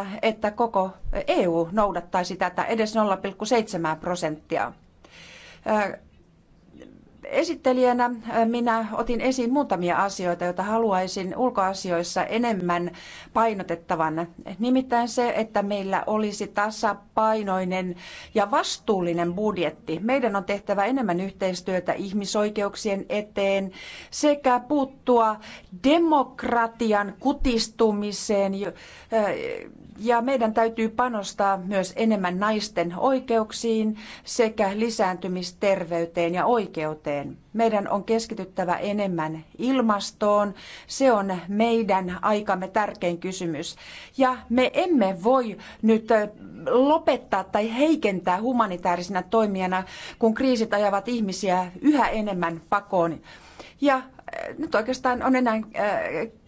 että, että koko EU noudattaisi tätä edes 0,7 prosenttia. Esittelijänä minä otin esiin muutamia asioita, joita haluaisin ulkoasioissa enemmän painotettavan. Nimittäin se, että meillä olisi tasapainoinen ja vastuullinen budjetti. Meidän on tehtävä enemmän yhteistyötä ihmisoikeuksien eteen sekä puuttua demokratian kutistumiseen ja meidän täytyy panostaa myös enemmän naisten oikeuksiin sekä lisääntymisterveyteen ja oikeuteen talouteen. Meidän on keskityttävä enemmän ilmastoon. Se on meidän aikamme tärkein kysymys. Ja me emme voi nyt lopettaa tai heikentää humanitaarisena toimijana, kun kriisit ajavat ihmisiä yhä enemmän pakoon. Ja nyt oikeastaan on enää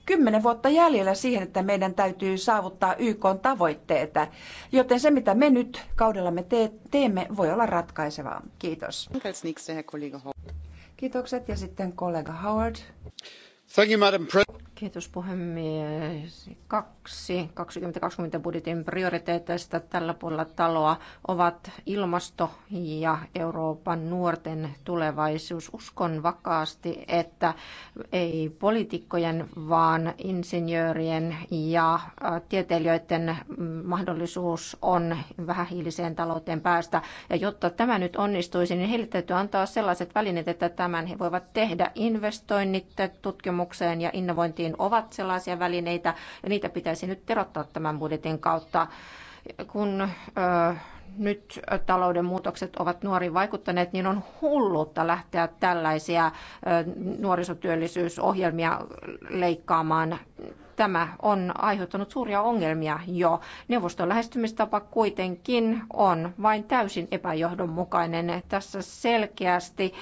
kymmenen vuotta jäljellä siihen, että meidän täytyy saavuttaa YK tavoitteita. Joten se, mitä me nyt kaudellamme te- teemme, voi olla ratkaisevaa. Kiitos. Kiitokset ja sitten kollega Howard. Kiitos puhemies. Kaksi 2020 budjetin prioriteeteista tällä puolella taloa ovat ilmasto ja Euroopan nuorten tulevaisuus. Uskon vakaasti, että ei poliitikkojen, vaan insinöörien ja tieteilijöiden mahdollisuus on vähähiiliseen talouteen päästä. Ja jotta tämä nyt onnistuisi, niin heille täytyy antaa sellaiset välineet, että tämän he voivat tehdä. Investoinnit, tutkimus tutkimukseen ja innovointiin ovat sellaisia välineitä, ja niitä pitäisi nyt terottaa tämän budjetin kautta. Kun ö, nyt talouden muutokset ovat nuoriin vaikuttaneet, niin on hullutta lähteä tällaisia nuorisotyöllisyysohjelmia leikkaamaan. Tämä on aiheuttanut suuria ongelmia jo. Neuvoston lähestymistapa kuitenkin on vain täysin epäjohdonmukainen. Tässä selkeästi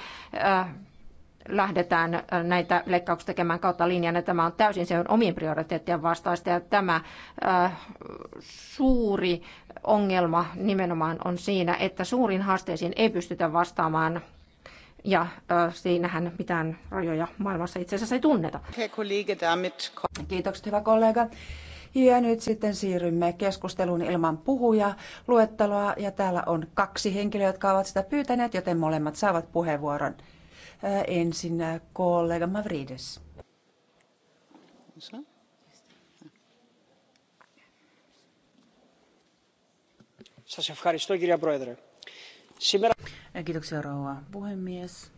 lähdetään äh, näitä leikkauksia tekemään kautta linjana. Tämä on täysin se on omien prioriteettien vastaista ja tämä äh, suuri ongelma nimenomaan on siinä, että suurin haasteisiin ei pystytä vastaamaan ja äh, siinähän mitään rajoja maailmassa itse asiassa ei tunneta. Kiitokset hyvä kollega. Ja nyt sitten siirrymme keskusteluun ilman puhuja luetteloa ja täällä on kaksi henkilöä, jotka ovat sitä pyytäneet, joten molemmat saavat puheenvuoron. Ensin kollega Mavrides. Kiitoksia rouva puhemies.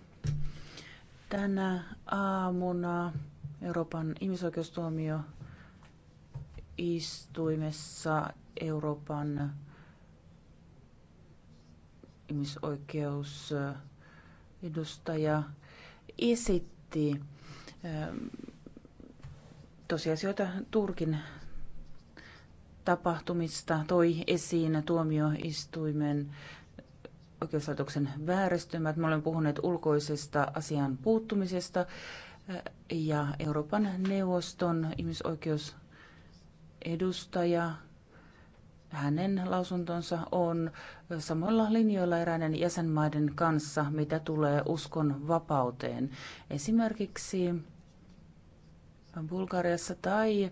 Tänä aamuna Euroopan ihmisoikeustuomio istuimessa Euroopan ihmisoikeus edustaja esitti ähm, tosiasioita Turkin tapahtumista, toi esiin tuomioistuimen oikeuslaitoksen vääristymät. Me olemme puhuneet ulkoisesta asian puuttumisesta äh, ja Euroopan neuvoston ihmisoikeusedustaja hänen lausuntonsa on samalla linjoilla eräiden jäsenmaiden kanssa, mitä tulee uskon vapauteen. Esimerkiksi Bulgariassa tai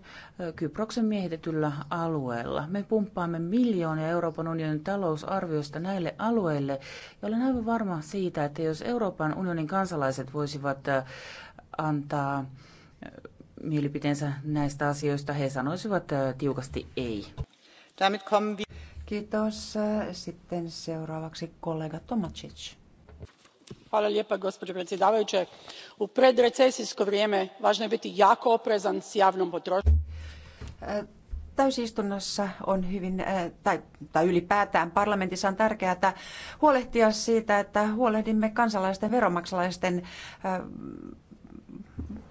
Kyproksen miehitetyllä alueella. Me pumppaamme miljoonia Euroopan unionin talousarviosta näille alueille, ja olen aivan varma siitä, että jos Euroopan unionin kansalaiset voisivat äh, antaa äh, mielipiteensä näistä asioista, he sanoisivat äh, tiukasti ei. Kiitos. Sitten seuraavaksi kollega Tomacic. gospođo predsjednice u predrecesijsko vrijeme važno je biti jako oprezan s javnom potrošnjom. Täysistunnossa on hyvin, tai, tai ylipäätään parlamentissa on tärkeää huolehtia siitä, että huolehdimme kansalaisten veromaksalaisten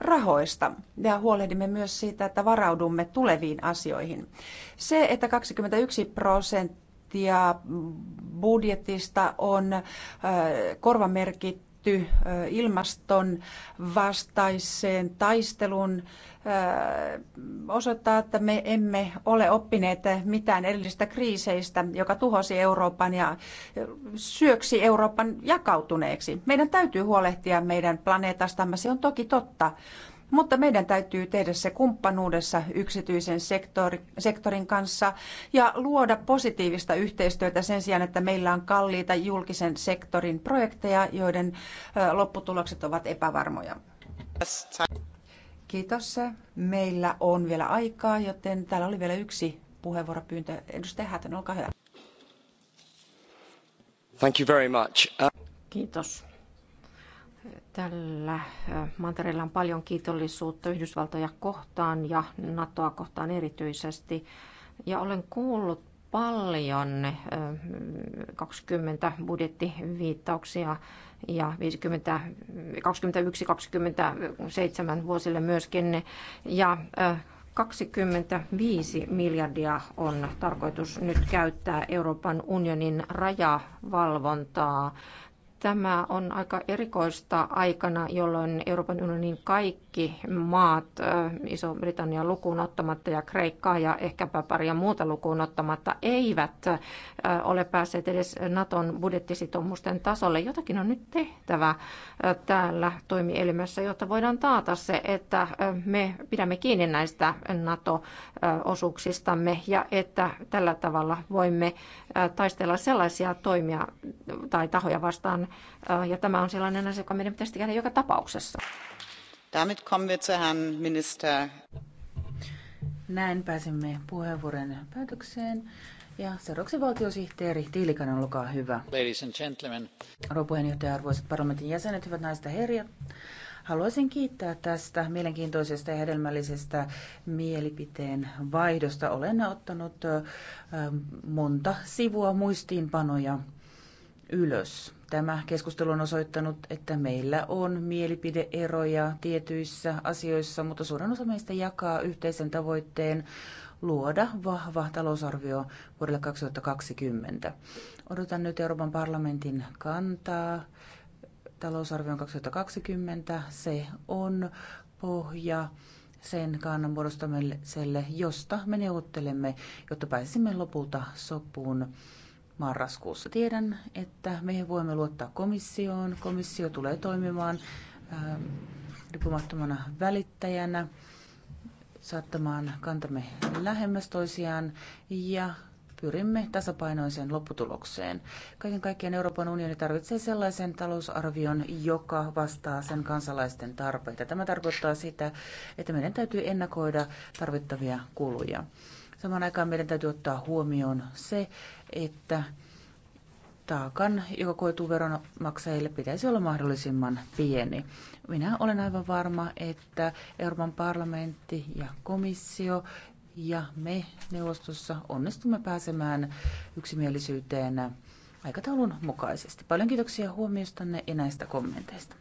rahoista ja huolehdimme myös siitä, että varaudumme tuleviin asioihin. Se, että 21 prosenttia budjetista on korvamerkitty käytetty ilmaston vastaiseen taisteluun osoittaa, että me emme ole oppineet mitään edellisistä kriiseistä, joka tuhosi Euroopan ja syöksi Euroopan jakautuneeksi. Meidän täytyy huolehtia meidän planeetastamme, se on toki totta, mutta meidän täytyy tehdä se kumppanuudessa yksityisen sektori, sektorin kanssa ja luoda positiivista yhteistyötä sen sijaan, että meillä on kalliita julkisen sektorin projekteja, joiden lopputulokset ovat epävarmoja. Kiitos. Meillä on vielä aikaa, joten täällä oli vielä yksi puheenvuoropyyntö. Edustaja Hätön, olkaa hyvä. Thank you very much. Kiitos. Tällä mantereella on paljon kiitollisuutta Yhdysvaltoja kohtaan ja NATOa kohtaan erityisesti. Ja olen kuullut paljon 20 budjettiviittauksia ja 50, 21, 27 vuosille myöskin. Ja 25 miljardia on tarkoitus nyt käyttää Euroopan unionin rajavalvontaa Tämä on aika erikoista aikana, jolloin Euroopan unionin kaikki maat, Iso-Britannia lukuun ottamatta ja Kreikkaa ja ehkäpä paria muuta lukuun ottamatta, eivät ole päässeet edes Naton budjettisitoumusten tasolle. Jotakin on nyt tehtävä täällä toimielimessä, jotta voidaan taata se, että me pidämme kiinni näistä NATO-osuuksistamme ja että tällä tavalla voimme taistella sellaisia toimia tai tahoja vastaan, Äh, ja tämä on sellainen asia, joka meidän pitäisi tehdä joka tapauksessa. Damit kommen wir zu Herrn Minister. Näin pääsemme puheenvuoron päätökseen. Ja seuraavaksi valtiosihteeri Tiilikainen, olkaa hyvä. Ladies and gentlemen. Rouva puheenjohtaja, arvoisat parlamentin jäsenet, hyvät naiset ja herjat. Haluaisin kiittää tästä mielenkiintoisesta ja hedelmällisestä mielipiteen vaihdosta. Olen ottanut äh, monta sivua muistiinpanoja ylös. Tämä keskustelu on osoittanut, että meillä on mielipideeroja tietyissä asioissa, mutta suurin osa meistä jakaa yhteisen tavoitteen luoda vahva talousarvio vuodelle 2020. Odotan nyt Euroopan parlamentin kantaa talousarvion 2020. Se on pohja sen kannan muodostamiselle, josta me neuvottelemme, jotta pääsisimme lopulta sopuun marraskuussa. Tiedän, että me voimme luottaa komissioon. Komissio tulee toimimaan ähm, riippumattomana välittäjänä, saattamaan kantamme lähemmäs toisiaan ja pyrimme tasapainoiseen lopputulokseen. Kaiken kaikkiaan Euroopan unioni tarvitsee sellaisen talousarvion, joka vastaa sen kansalaisten tarpeita. Tämä tarkoittaa sitä, että meidän täytyy ennakoida tarvittavia kuluja. Samaan aikaan meidän täytyy ottaa huomioon se, että taakan, joka koituu veronmaksajille, pitäisi olla mahdollisimman pieni. Minä olen aivan varma, että Euroopan parlamentti ja komissio ja me neuvostossa onnistumme pääsemään yksimielisyyteen aikataulun mukaisesti. Paljon kiitoksia huomiostanne ja näistä kommenteista.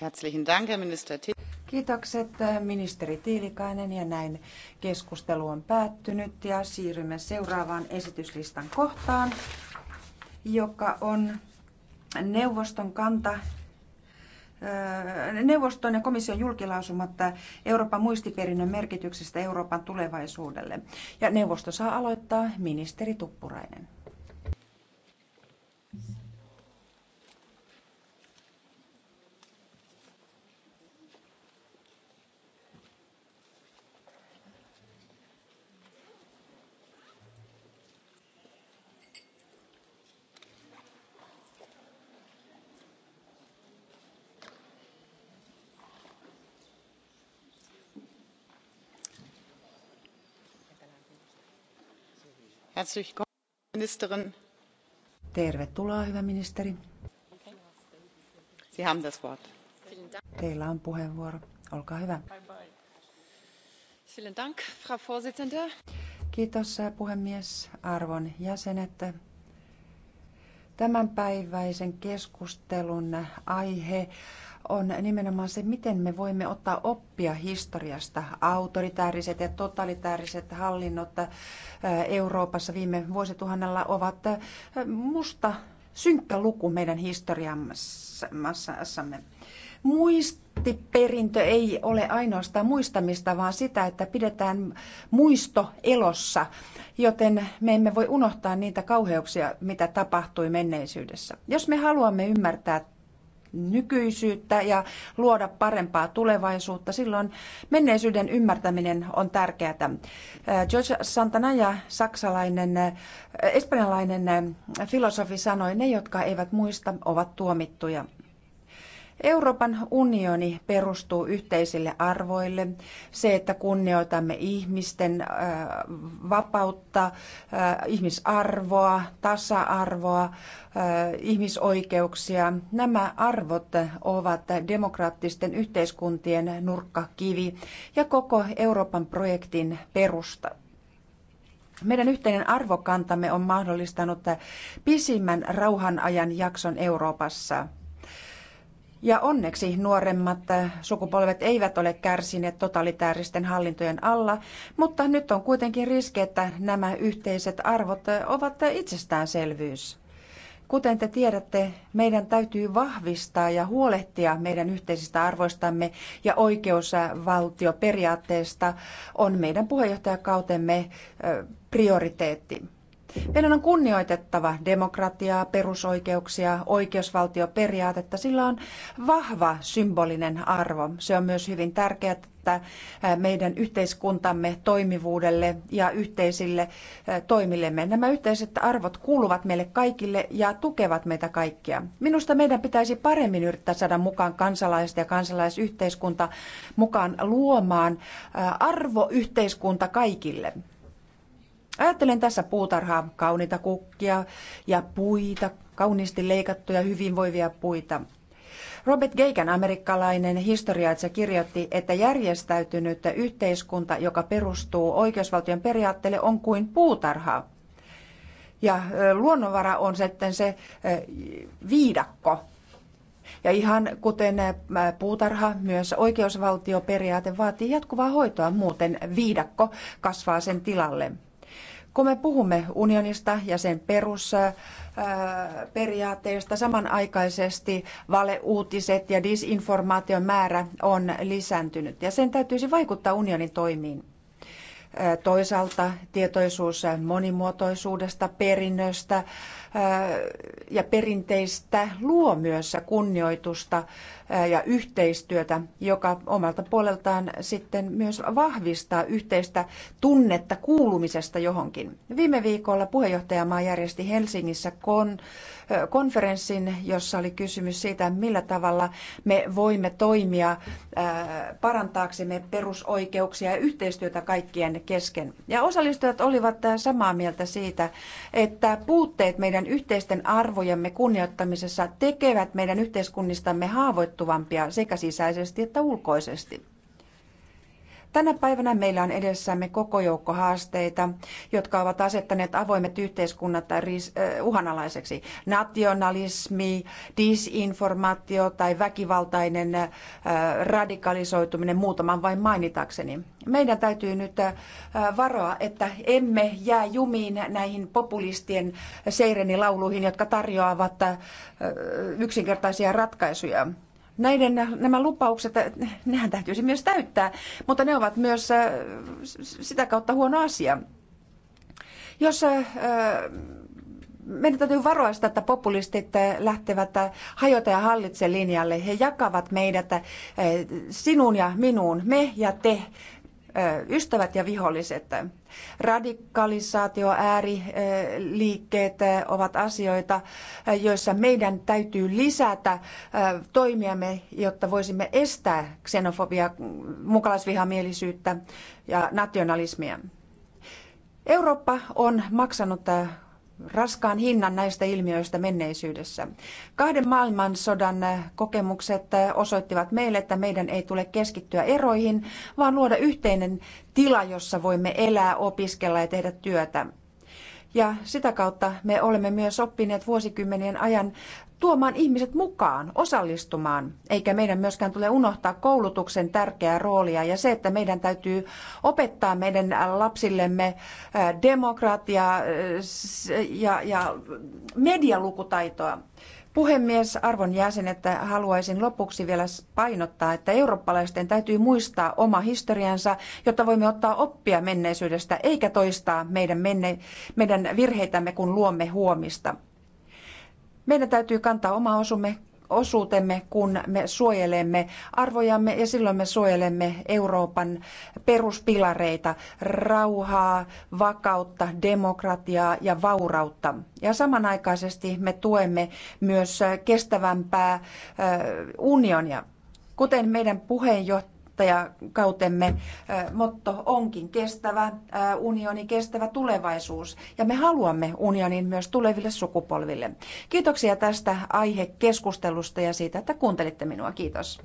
Herzlichen Dank, Herr Minister Kiitokset äh, ministeri Tiilikainen ja näin keskustelu on päättynyt ja siirrymme seuraavaan esityslistan kohtaan, joka on neuvoston kanta äh, neuvoston ja komission julkilausumatta äh, Euroopan muistiperinnön merkityksestä Euroopan tulevaisuudelle. Ja neuvosto saa aloittaa ministeri Tuppurainen. Tervetuloa, hyvä ministeri. Teillä on puheenvuoro. Olkaa hyvä. Vielen Kiitos äh, puhemies, arvon jäsenet. Tämänpäiväisen keskustelun aihe on nimenomaan se, miten me voimme ottaa oppia historiasta. Autoritääriset ja totalitääriset hallinnot äh, Euroopassa viime vuosituhannella ovat äh, musta synkkä luku meidän historiassamme. Muistiperintö ei ole ainoastaan muistamista, vaan sitä, että pidetään muisto elossa, joten me emme voi unohtaa niitä kauheuksia, mitä tapahtui menneisyydessä. Jos me haluamme ymmärtää nykyisyyttä ja luoda parempaa tulevaisuutta. Silloin menneisyyden ymmärtäminen on tärkeää. George Santanaja, saksalainen, espanjalainen filosofi sanoi, ne jotka eivät muista ovat tuomittuja. Euroopan unioni perustuu yhteisille arvoille. Se, että kunnioitamme ihmisten äh, vapautta, äh, ihmisarvoa, tasa-arvoa, äh, ihmisoikeuksia. Nämä arvot ovat demokraattisten yhteiskuntien nurkkakivi ja koko Euroopan projektin perusta. Meidän yhteinen arvokantamme on mahdollistanut pisimmän rauhanajan jakson Euroopassa – ja onneksi nuoremmat sukupolvet eivät ole kärsineet totalitääristen hallintojen alla, mutta nyt on kuitenkin riski, että nämä yhteiset arvot ovat itsestäänselvyys. Kuten te tiedätte, meidän täytyy vahvistaa ja huolehtia meidän yhteisistä arvoistamme ja oikeusvaltioperiaatteesta on meidän puheenjohtajakautemme prioriteetti. Meidän on kunnioitettava demokratiaa, perusoikeuksia, oikeusvaltioperiaatetta. Sillä on vahva symbolinen arvo. Se on myös hyvin tärkeää että meidän yhteiskuntamme toimivuudelle ja yhteisille toimillemme. Nämä yhteiset arvot kuuluvat meille kaikille ja tukevat meitä kaikkia. Minusta meidän pitäisi paremmin yrittää saada mukaan kansalaiset ja kansalaisyhteiskunta mukaan luomaan arvoyhteiskunta kaikille. Ajattelen tässä puutarhaa, kauniita kukkia ja puita, kauniisti leikattuja hyvinvoivia puita. Robert Geigen, amerikkalainen historiaitsija, kirjoitti, että järjestäytynyt yhteiskunta, joka perustuu oikeusvaltion periaatteelle, on kuin puutarha. Ja luonnonvara on sitten se viidakko. Ja ihan kuten puutarha, myös oikeusvaltioperiaate vaatii jatkuvaa hoitoa, muuten viidakko kasvaa sen tilalle. Kun me puhumme unionista ja sen perusperiaatteista, äh, samanaikaisesti valeuutiset ja disinformaation määrä on lisääntynyt ja sen täytyisi vaikuttaa unionin toimiin. Toisaalta tietoisuus monimuotoisuudesta, perinnöstä ja perinteistä luo myös kunnioitusta ja yhteistyötä, joka omalta puoleltaan sitten myös vahvistaa yhteistä tunnetta kuulumisesta johonkin. Viime viikolla puheenjohtajamaa järjesti Helsingissä kon konferenssin, jossa oli kysymys siitä, millä tavalla me voimme toimia parantaaksemme perusoikeuksia ja yhteistyötä kaikkien kesken. Ja osallistujat olivat samaa mieltä siitä, että puutteet meidän yhteisten arvojemme kunnioittamisessa tekevät meidän yhteiskunnistamme haavoittuvampia sekä sisäisesti että ulkoisesti. Tänä päivänä meillä on edessämme koko joukko haasteita, jotka ovat asettaneet avoimet yhteiskunnat uhanalaiseksi. Nationalismi, disinformaatio tai väkivaltainen radikalisoituminen, muutaman vain mainitakseni. Meidän täytyy nyt varoa, että emme jää jumiin näihin populistien seirenilauluihin, jotka tarjoavat yksinkertaisia ratkaisuja näiden, nämä lupaukset, nehän täytyisi myös täyttää, mutta ne ovat myös äh, sitä kautta huono asia. Jos äh, meidän täytyy varoa sitä, että populistit äh, lähtevät hajota ja hallitse linjalle. He jakavat meidät sinun ja minuun, me ja te ystävät ja viholliset. Radikalisaatio, ääriliikkeet ovat asioita, joissa meidän täytyy lisätä toimiamme, jotta voisimme estää xenofobiaa, mukalaisvihamielisyyttä ja nationalismia. Eurooppa on maksanut raskaan hinnan näistä ilmiöistä menneisyydessä. Kahden maailmansodan kokemukset osoittivat meille, että meidän ei tule keskittyä eroihin, vaan luoda yhteinen tila, jossa voimme elää, opiskella ja tehdä työtä. Ja sitä kautta me olemme myös oppineet vuosikymmenien ajan tuomaan ihmiset mukaan, osallistumaan. Eikä meidän myöskään tule unohtaa koulutuksen tärkeää roolia ja se, että meidän täytyy opettaa meidän lapsillemme demokratiaa ja, ja medialukutaitoa. Puhemies, arvon että haluaisin lopuksi vielä painottaa, että eurooppalaisten täytyy muistaa oma historiansa, jotta voimme ottaa oppia menneisyydestä eikä toistaa meidän, menne, meidän virheitämme, kun luomme huomista. Meidän täytyy kantaa oma osumme, osuutemme, kun me suojelemme arvojamme ja silloin me suojelemme Euroopan peruspilareita, rauhaa, vakautta, demokratiaa ja vaurautta. Ja samanaikaisesti me tuemme myös kestävämpää unionia. Kuten meidän puheenjohtajamme puheenjohtajakautemme motto onkin kestävä unioni, kestävä tulevaisuus. Ja me haluamme unionin myös tuleville sukupolville. Kiitoksia tästä aihekeskustelusta ja siitä, että kuuntelitte minua. Kiitos.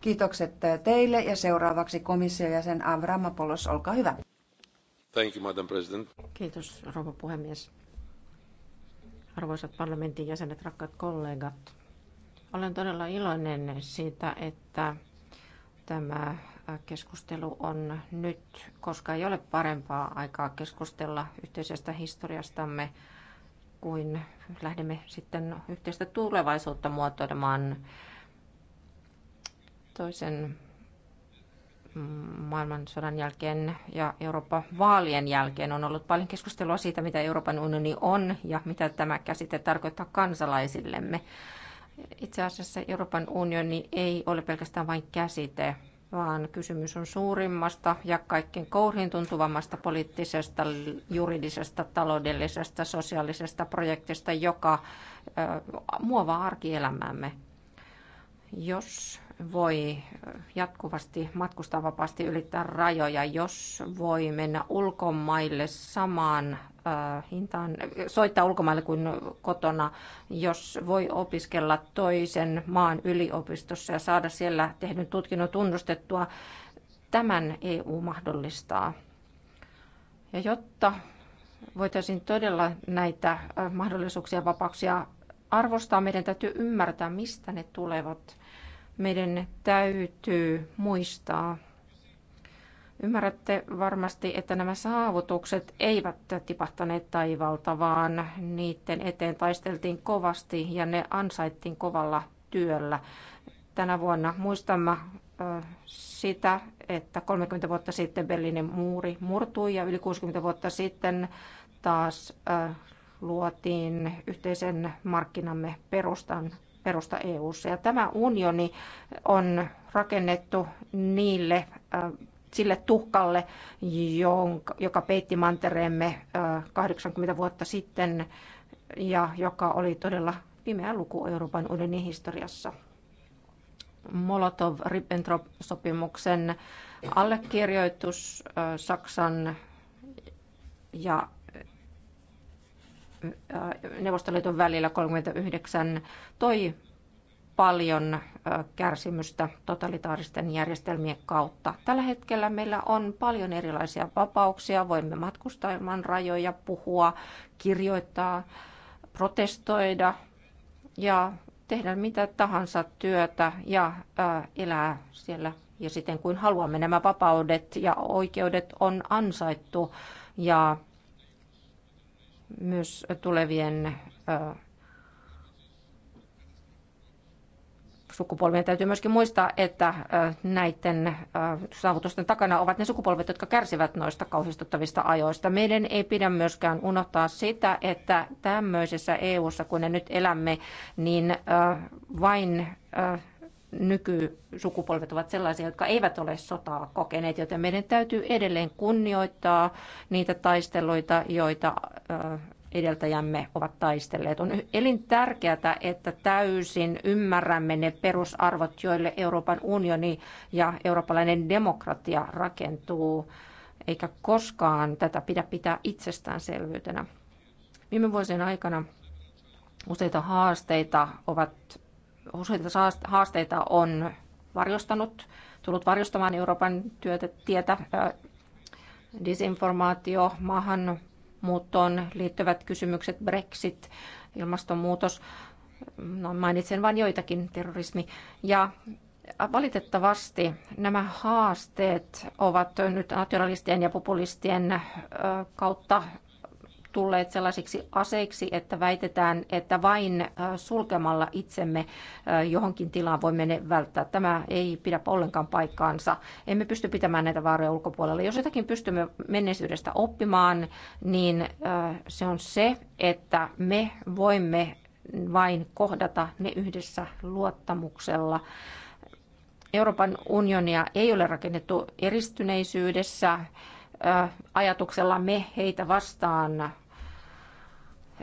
Kiitokset teille ja seuraavaksi komissiojäsen Avramapolos, olkaa hyvä. Thank you, Madam President. Kiitos, rouva puhemies. Arvoisat parlamentin jäsenet, rakkaat kollegat. Olen todella iloinen siitä, että Tämä keskustelu on nyt, koska ei ole parempaa aikaa keskustella yhteisestä historiastamme kuin lähdemme sitten yhteistä tulevaisuutta muotoilemaan toisen maailmansodan jälkeen ja Euroopan vaalien jälkeen on ollut paljon keskustelua siitä, mitä Euroopan unioni on ja mitä tämä käsite tarkoittaa kansalaisillemme. Itse asiassa Euroopan unioni ei ole pelkästään vain käsite, vaan kysymys on suurimmasta ja kaikkein kouriin tuntuvammasta poliittisesta, juridisesta, taloudellisesta, sosiaalisesta projektista, joka muovaa arkielämäämme. Jos voi jatkuvasti matkustaa vapaasti ylittää rajoja, jos voi mennä ulkomaille samaan äh, hintaan, äh, soittaa ulkomaille kuin kotona, jos voi opiskella toisen maan yliopistossa ja saada siellä tehdyn tutkinnon tunnustettua, tämän EU mahdollistaa. Ja jotta voitaisiin todella näitä äh, mahdollisuuksia ja vapauksia arvostaa, meidän täytyy ymmärtää, mistä ne tulevat meidän täytyy muistaa. Ymmärrätte varmasti, että nämä saavutukset eivät tipahtaneet taivalta, vaan niiden eteen taisteltiin kovasti ja ne ansaittiin kovalla työllä. Tänä vuonna muistamme sitä, että 30 vuotta sitten Berliinin muuri murtui ja yli 60 vuotta sitten taas luotiin yhteisen markkinamme perustan perusta EU:ssa. Ja tämä unioni on rakennettu niille äh, sille tuhkalle, joka peitti mantereemme 80 äh, vuotta sitten ja joka oli todella pimeä luku Euroopan unionin historiassa. Molotov-Ribbentrop-sopimuksen allekirjoitus äh, Saksan ja Neuvostoliiton välillä 39 toi paljon kärsimystä totalitaaristen järjestelmien kautta. Tällä hetkellä meillä on paljon erilaisia vapauksia. Voimme matkustaa ilman rajoja, puhua, kirjoittaa, protestoida ja tehdä mitä tahansa työtä ja elää siellä ja siten kuin haluamme. Nämä vapaudet ja oikeudet on ansaittu ja myös tulevien sukupolvien täytyy myöskin muistaa, että näiden saavutusten takana ovat ne sukupolvet, jotka kärsivät noista kauhistuttavista ajoista. Meidän ei pidä myöskään unohtaa sitä, että tämmöisessä EU-ssa, kun ne nyt elämme, niin vain nykysukupolvet ovat sellaisia, jotka eivät ole sotaa kokeneet, joten meidän täytyy edelleen kunnioittaa niitä taisteluita, joita edeltäjämme ovat taistelleet. On elintärkeää, että täysin ymmärrämme ne perusarvot, joille Euroopan unioni ja eurooppalainen demokratia rakentuu, eikä koskaan tätä pidä pitää itsestäänselvyytenä. Viime vuosien aikana useita haasteita ovat useita haasteita on varjostanut, tullut varjostamaan Euroopan työtä, tietä, disinformaatio, maahanmuuttoon liittyvät kysymykset, Brexit, ilmastonmuutos, no, mainitsen vain joitakin, terrorismi. Ja valitettavasti nämä haasteet ovat nyt nationalistien ja populistien kautta tulleet sellaisiksi aseiksi, että väitetään, että vain äh, sulkemalla itsemme äh, johonkin tilaan voimme ne välttää. Tämä ei pidä ollenkaan paikkaansa. Emme pysty pitämään näitä vaaroja ulkopuolella. Jos jotakin pystymme menneisyydestä oppimaan, niin äh, se on se, että me voimme vain kohdata ne yhdessä luottamuksella. Euroopan unionia ei ole rakennettu eristyneisyydessä ajatuksella me heitä vastaan,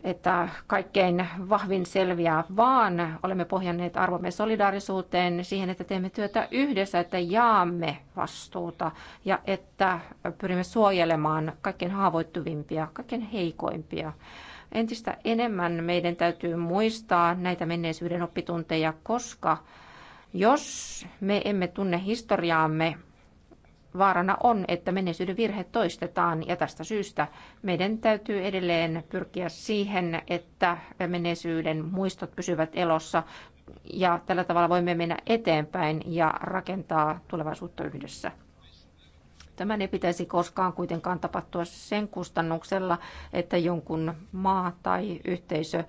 että kaikkein vahvin selviää, vaan olemme pohjanneet arvomme solidaarisuuteen siihen, että teemme työtä yhdessä, että jaamme vastuuta ja että pyrimme suojelemaan kaikkein haavoittuvimpia, kaikkein heikoimpia entistä enemmän meidän täytyy muistaa näitä menneisyyden oppitunteja, koska jos me emme tunne historiaamme, vaarana on, että menneisyyden virhe toistetaan ja tästä syystä meidän täytyy edelleen pyrkiä siihen, että menneisyyden muistot pysyvät elossa ja tällä tavalla voimme mennä eteenpäin ja rakentaa tulevaisuutta yhdessä. Tämän ei pitäisi koskaan kuitenkaan tapahtua sen kustannuksella, että jonkun maa tai yhteisö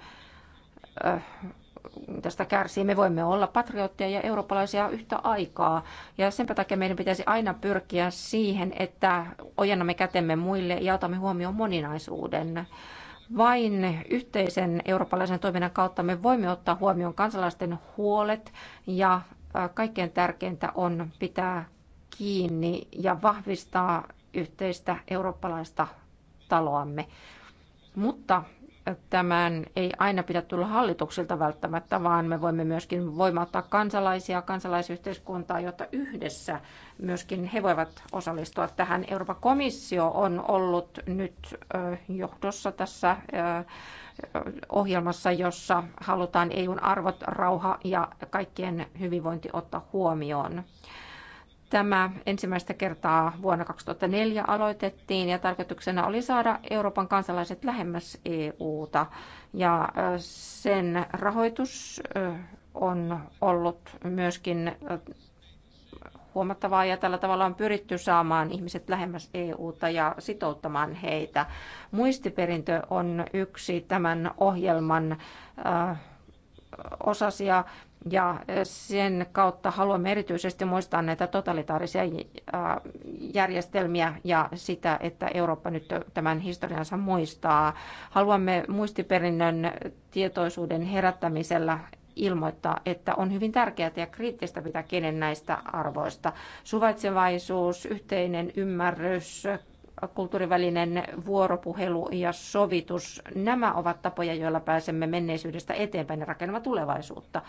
tästä kärsii. Me voimme olla patriotteja ja eurooppalaisia yhtä aikaa. Ja sen takia meidän pitäisi aina pyrkiä siihen, että ojennamme kätemme muille ja otamme huomioon moninaisuuden. Vain yhteisen eurooppalaisen toiminnan kautta me voimme ottaa huomioon kansalaisten huolet ja kaikkein tärkeintä on pitää kiinni ja vahvistaa yhteistä eurooppalaista taloamme. Mutta tämän ei aina pidä tulla hallituksilta välttämättä, vaan me voimme myöskin voimauttaa kansalaisia, kansalaisyhteiskuntaa, jotta yhdessä myöskin he voivat osallistua tähän. Euroopan komissio on ollut nyt johdossa tässä ohjelmassa, jossa halutaan EUn arvot, rauha ja kaikkien hyvinvointi ottaa huomioon. Tämä ensimmäistä kertaa vuonna 2004 aloitettiin ja tarkoituksena oli saada Euroopan kansalaiset lähemmäs EUta. Ja sen rahoitus on ollut myöskin huomattavaa ja tällä tavalla on pyritty saamaan ihmiset lähemmäs EUta ja sitouttamaan heitä. Muistiperintö on yksi tämän ohjelman osasia ja sen kautta haluamme erityisesti muistaa näitä totalitaarisia järjestelmiä ja sitä, että Eurooppa nyt tämän historiansa muistaa. Haluamme muistiperinnön tietoisuuden herättämisellä ilmoittaa, että on hyvin tärkeää ja kriittistä pitää kenen näistä arvoista. Suvaitsevaisuus, yhteinen ymmärrys, kulttuurivälinen vuoropuhelu ja sovitus, nämä ovat tapoja, joilla pääsemme menneisyydestä eteenpäin ja rakennamme tulevaisuutta.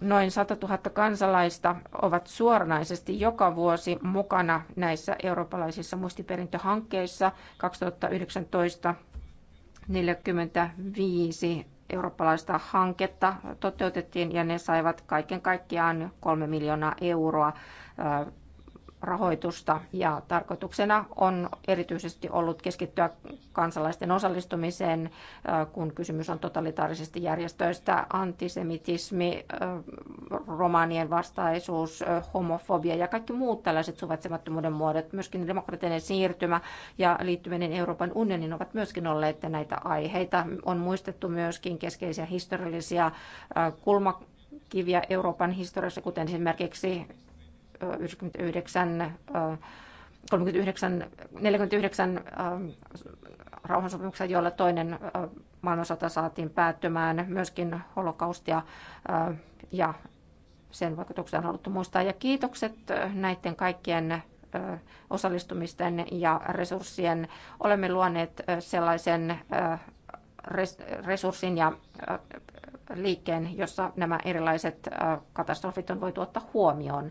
Noin 100 000 kansalaista ovat suoranaisesti joka vuosi mukana näissä eurooppalaisissa muistiperintöhankkeissa. 2019 45 eurooppalaista hanketta toteutettiin ja ne saivat kaiken kaikkiaan 3 miljoonaa euroa rahoitusta ja tarkoituksena on erityisesti ollut keskittyä kansalaisten osallistumiseen, kun kysymys on totalitaarisista järjestöistä, antisemitismi, romaanien vastaisuus, homofobia ja kaikki muut tällaiset suvaitsemattomuuden muodot, myöskin demokratinen siirtymä ja liittyminen Euroopan unionin ovat myöskin olleet näitä aiheita. On muistettu myöskin keskeisiä historiallisia kulmakiviä Euroopan historiassa, kuten esimerkiksi 99, 39, 49 rauhansopimuksen, jolla toinen maailmansota saatiin päättymään, myöskin holokaustia ja sen vaikutuksia on haluttu muistaa. Ja kiitokset näiden kaikkien osallistumisten ja resurssien. Olemme luoneet sellaisen resurssin ja liikkeen, jossa nämä erilaiset katastrofit on voitu ottaa huomioon.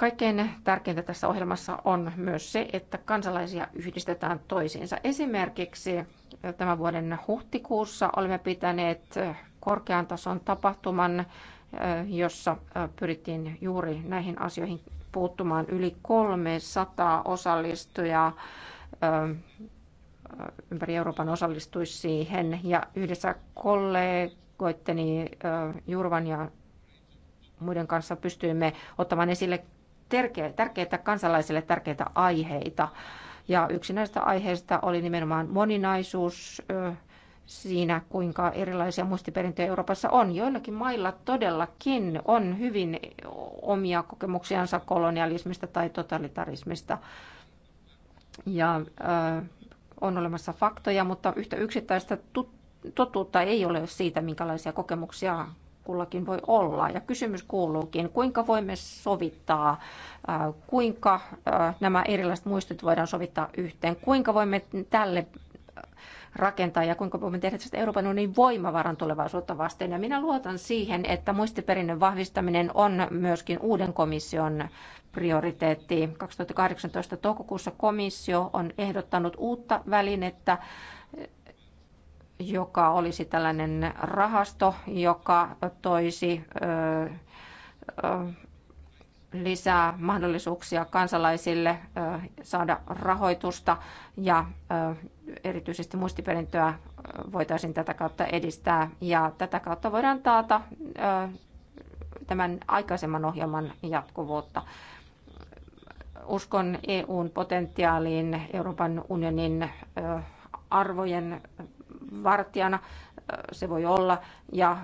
Kaikkein tärkeintä tässä ohjelmassa on myös se, että kansalaisia yhdistetään toisiinsa. Esimerkiksi tämän vuoden huhtikuussa olemme pitäneet korkean tason tapahtuman, jossa pyrittiin juuri näihin asioihin puuttumaan. Yli 300 osallistujaa ympäri Euroopan osallistui siihen ja yhdessä kollegoitteni Jurvan ja muiden kanssa pystyimme ottamaan esille tärkeitä kansalaisille tärkeitä aiheita. Ja yksi näistä aiheista oli nimenomaan moninaisuus siinä, kuinka erilaisia muistiperintöjä Euroopassa on. Joillakin mailla todellakin on hyvin omia kokemuksiansa kolonialismista tai totalitarismista. Ja äh, on olemassa faktoja, mutta yhtä yksittäistä tut- totuutta ei ole siitä, minkälaisia kokemuksia kullakin voi olla. Ja kysymys kuuluukin, kuinka voimme sovittaa, äh, kuinka äh, nämä erilaiset muistot voidaan sovittaa yhteen, kuinka voimme tälle äh, rakentaa ja kuinka voimme tehdä tästä Euroopan unionin voimavaran tulevaisuutta vasten. Ja minä luotan siihen, että muistiperinnön vahvistaminen on myöskin uuden komission prioriteetti. 2018 toukokuussa komissio on ehdottanut uutta välinettä joka olisi tällainen rahasto, joka toisi lisää mahdollisuuksia kansalaisille saada rahoitusta ja erityisesti muistiperintöä voitaisiin tätä kautta edistää. Ja tätä kautta voidaan taata tämän aikaisemman ohjelman jatkuvuutta. Uskon EUn potentiaaliin, Euroopan unionin arvojen vartijana se voi olla. Ja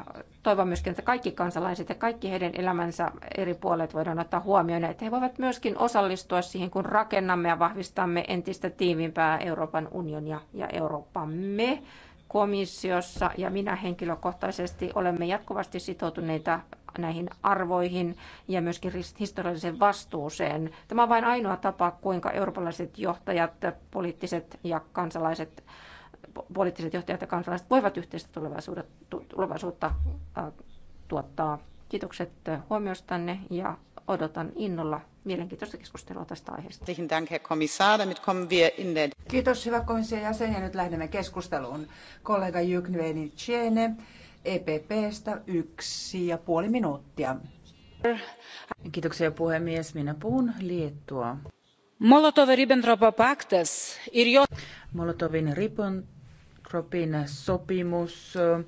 toivon myöskin, että kaikki kansalaiset ja kaikki heidän elämänsä eri puolet voidaan ottaa huomioon, että he voivat myöskin osallistua siihen, kun rakennamme ja vahvistamme entistä tiivimpää Euroopan unionia ja Me komissiossa ja minä henkilökohtaisesti olemme jatkuvasti sitoutuneita näihin arvoihin ja myöskin historialliseen vastuuseen. Tämä on vain ainoa tapa, kuinka eurooppalaiset johtajat, poliittiset ja kansalaiset poliittiset johtajat ja kansalaiset voivat yhteistä tulevaisuutta, tuottaa. Kiitokset huomiostanne ja odotan innolla mielenkiintoista keskustelua tästä aiheesta. Kiitos hyvä komission jäsen ja nyt lähdemme keskusteluun. Kollega Jyknveni Tjene, EPPstä yksi ja puoli minuuttia. Kiitoksia puhemies. Minä puhun Liettua. Molotov-Ribbentrop-paktas Molotovin Ribbentrop Ribbentropin sopimus äh,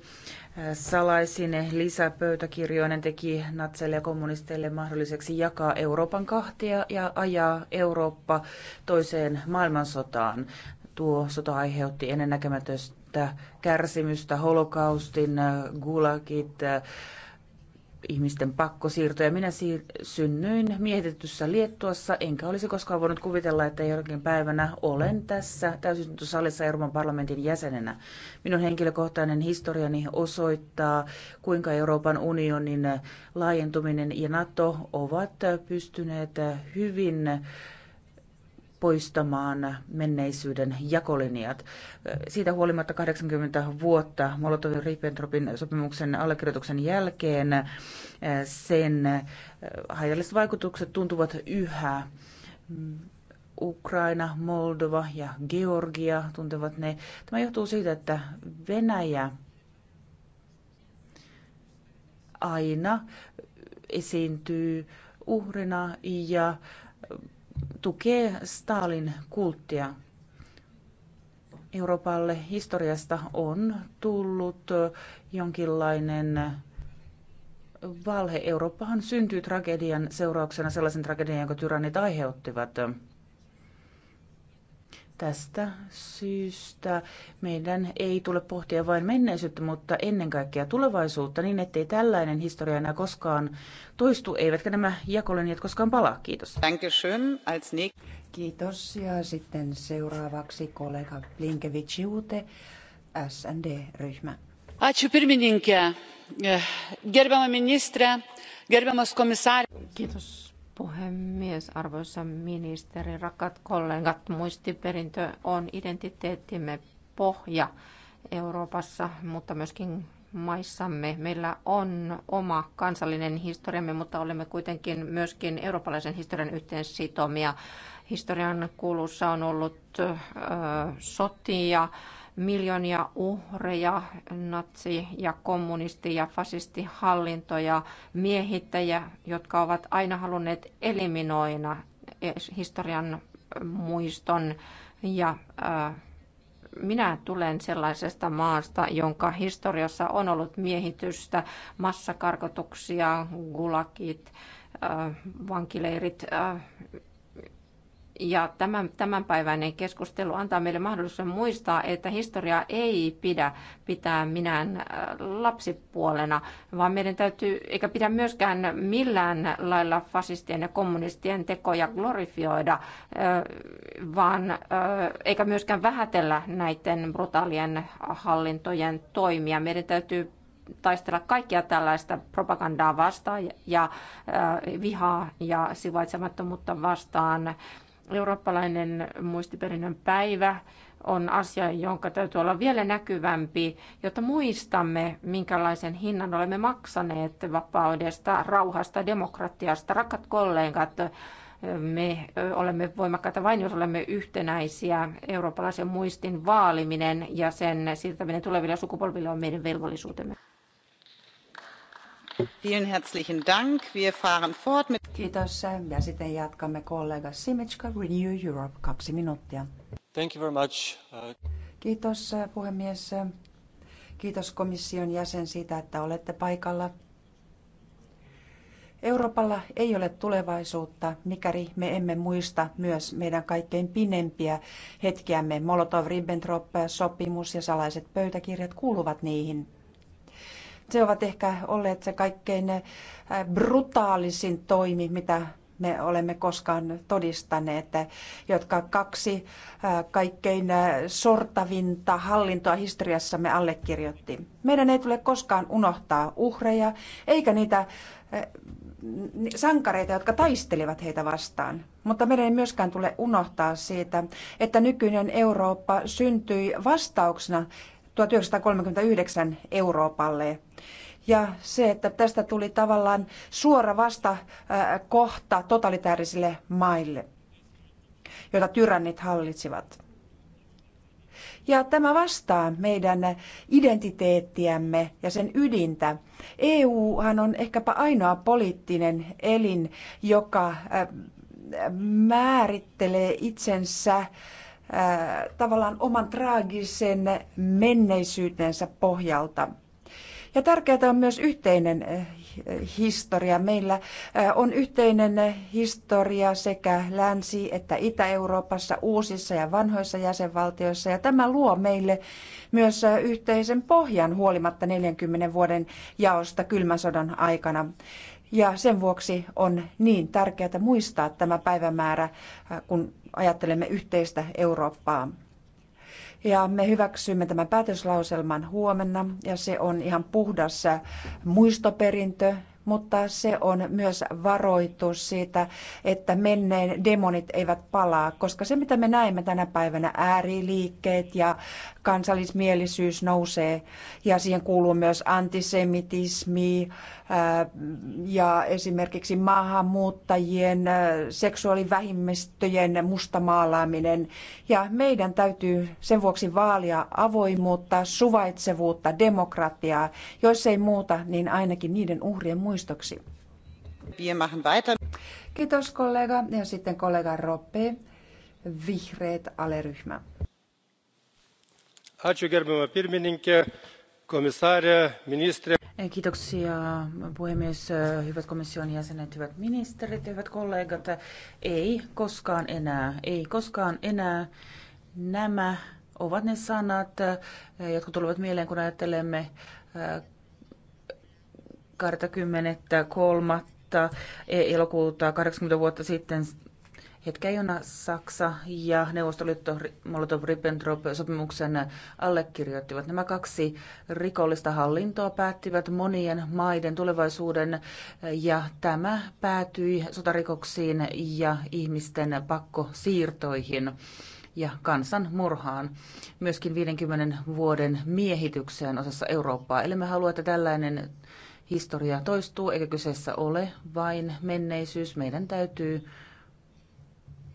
salaisine lisäpöytäkirjoinen teki natseille ja kommunisteille mahdolliseksi jakaa Euroopan kahtia ja ajaa Eurooppa toiseen maailmansotaan. Tuo sota aiheutti ennennäkemätöstä kärsimystä, holokaustin, äh, gulagit, äh, ihmisten pakkosiirtoja. Minä siir- synnyin mietityssä Liettuassa, enkä olisi koskaan voinut kuvitella, että jonkin päivänä olen tässä täysistuntosalissa Euroopan parlamentin jäsenenä. Minun henkilökohtainen historiani osoittaa, kuinka Euroopan unionin laajentuminen ja NATO ovat pystyneet hyvin poistamaan menneisyyden jakolinjat. Siitä huolimatta 80 vuotta Molotov-Ribbentropin sopimuksen allekirjoituksen jälkeen sen haitalliset vaikutukset tuntuvat yhä. Ukraina, Moldova ja Georgia tuntevat ne. Tämä johtuu siitä, että Venäjä aina esiintyy uhrina ja äh, tukee Stalin kulttia. Euroopalle historiasta on tullut jonkinlainen valhe. Eurooppahan syntyi tragedian seurauksena sellaisen tragedian, jonka tyrannit aiheuttivat. Tästä syystä meidän ei tule pohtia vain menneisyyttä, mutta ennen kaikkea tulevaisuutta niin, ettei tällainen historia enää koskaan toistu, eivätkä nämä jakolinjat koskaan palaa. Kiitos. Kiitos. Ja sitten seuraavaksi kollega Blinkevich Jute, SND-ryhmä. Ačiū pirmininkė. Gerbiama ministrė, gerbiamas komisarė. Kiitos puhemies, arvoisa ministeri, rakkaat kollegat, muistiperintö on identiteettimme pohja Euroopassa, mutta myöskin maissamme. Meillä on oma kansallinen historiamme, mutta olemme kuitenkin myöskin eurooppalaisen historian yhteen sitomia. Historian kulussa on ollut äh, sotia, miljoonia uhreja, natsi- ja kommunisti- ja fasistihallintoja, miehittäjiä, jotka ovat aina halunneet eliminoida historian äh, muiston ja äh, minä tulen sellaisesta maasta, jonka historiassa on ollut miehitystä, massakarkotuksia, gulakit, äh, vankileirit, äh, ja tämän, tämänpäiväinen keskustelu antaa meille mahdollisuuden muistaa, että historia ei pidä pitää minään äh, lapsipuolena, vaan meidän täytyy, eikä pidä myöskään millään lailla fasistien ja kommunistien tekoja glorifioida, äh, vaan äh, eikä myöskään vähätellä näiden brutaalien hallintojen toimia. Meidän täytyy taistella kaikkia tällaista propagandaa vastaan ja vihaa ja sivaitsemattomuutta vastaan Eurooppalainen muistiperinnön päivä on asia, jonka täytyy olla vielä näkyvämpi, jotta muistamme, minkälaisen hinnan olemme maksaneet vapaudesta, rauhasta, demokratiasta. Rakat kollegat, me olemme voimakkaita vain, jos olemme yhtenäisiä. Eurooppalaisen muistin vaaliminen ja sen siirtäminen tuleville sukupolville on meidän velvollisuutemme. Kiitos. Ja sitten jatkamme kollega Simitska Renew Europe, kaksi minuuttia. Thank you very much. Kiitos äh, puhemies. Kiitos komission jäsen siitä, että olette paikalla. Euroopalla ei ole tulevaisuutta, mikäli me emme muista myös meidän kaikkein pinempiä hetkiämme. Molotov-Ribbentrop-sopimus ja salaiset pöytäkirjat kuuluvat niihin se ovat ehkä olleet se kaikkein eh, brutaalisin toimi, mitä me olemme koskaan todistaneet, eh, jotka kaksi eh, kaikkein sortavinta hallintoa historiassamme allekirjoitti. Meidän ei tule koskaan unohtaa uhreja eikä niitä sankareita, jotka taistelivat heitä vastaan. Mutta meidän ei myöskään tule unohtaa siitä, että nykyinen Eurooppa syntyi vastauksena 1939 Euroopalle. Ja se, että tästä tuli tavallaan suora vasta kohta totalitaarisille maille, joita tyrannit hallitsivat. Ja tämä vastaa meidän identiteettiämme ja sen ydintä. EUhan on ehkäpä ainoa poliittinen elin, joka määrittelee itsensä tavallaan oman traagisen menneisyytensä pohjalta. Ja tärkeää on myös yhteinen historia. Meillä on yhteinen historia sekä Länsi- että Itä-Euroopassa, uusissa ja vanhoissa jäsenvaltioissa. Ja tämä luo meille myös yhteisen pohjan huolimatta 40 vuoden jaosta kylmän sodan aikana. Ja sen vuoksi on niin tärkeää muistaa tämä päivämäärä, äh, kun ajattelemme yhteistä Eurooppaa. Ja me hyväksymme tämän päätöslauselman huomenna ja se on ihan puhdas äh, muistoperintö, mutta se on myös varoitus siitä, että menneen demonit eivät palaa, koska se mitä me näemme tänä päivänä, ääriliikkeet ja kansallismielisyys nousee ja siihen kuuluu myös antisemitismi, ja esimerkiksi maahanmuuttajien, seksuaalivähimmistöjen mustamaalaaminen. Ja meidän täytyy sen vuoksi vaalia avoimuutta, suvaitsevuutta, demokratiaa, jos ei muuta, niin ainakin niiden uhrien muistoksi. Kiitos kollega ja sitten kollega Roppe, vihreät aleryhmä. Ačiū gerbiama pirmininkė, komisarė, ministrė. Kiitoksia puhemies, hyvät komission jäsenet, hyvät ministerit, hyvät kollegat. Ei koskaan enää, ei koskaan enää. Nämä ovat ne sanat, jotka tulevat mieleen, kun ajattelemme 23. elokuuta 80 vuotta sitten hetkeä, jona Saksa ja Neuvostoliitto Molotov-Ribbentrop-sopimuksen allekirjoittivat. Nämä kaksi rikollista hallintoa päättivät monien maiden tulevaisuuden ja tämä päätyi sotarikoksiin ja ihmisten pakkosiirtoihin ja kansan murhaan, myöskin 50 vuoden miehitykseen osassa Eurooppaa. Eli me haluamme, että tällainen historia toistuu, eikä kyseessä ole vain menneisyys. Meidän täytyy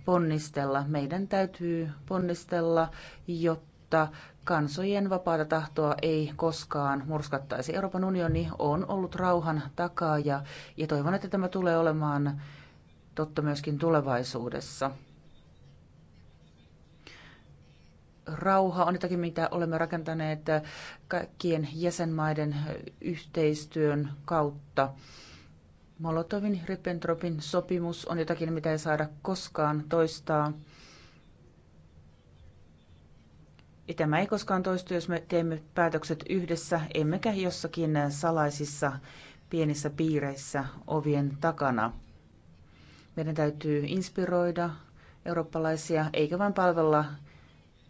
ponnistella. Meidän täytyy ponnistella, jotta kansojen vapaata tahtoa ei koskaan murskattaisi. Euroopan unioni on ollut rauhan takaaja ja toivon, että tämä tulee olemaan totta myöskin tulevaisuudessa. Rauha on jotakin, mitä olemme rakentaneet kaikkien jäsenmaiden yhteistyön kautta. Molotovin Ribbentropin sopimus on jotakin, mitä ei saada koskaan toistaa. Ja tämä ei koskaan toistu, jos me teemme päätökset yhdessä, emmekä jossakin salaisissa pienissä piireissä ovien takana. Meidän täytyy inspiroida eurooppalaisia, eikä vain palvella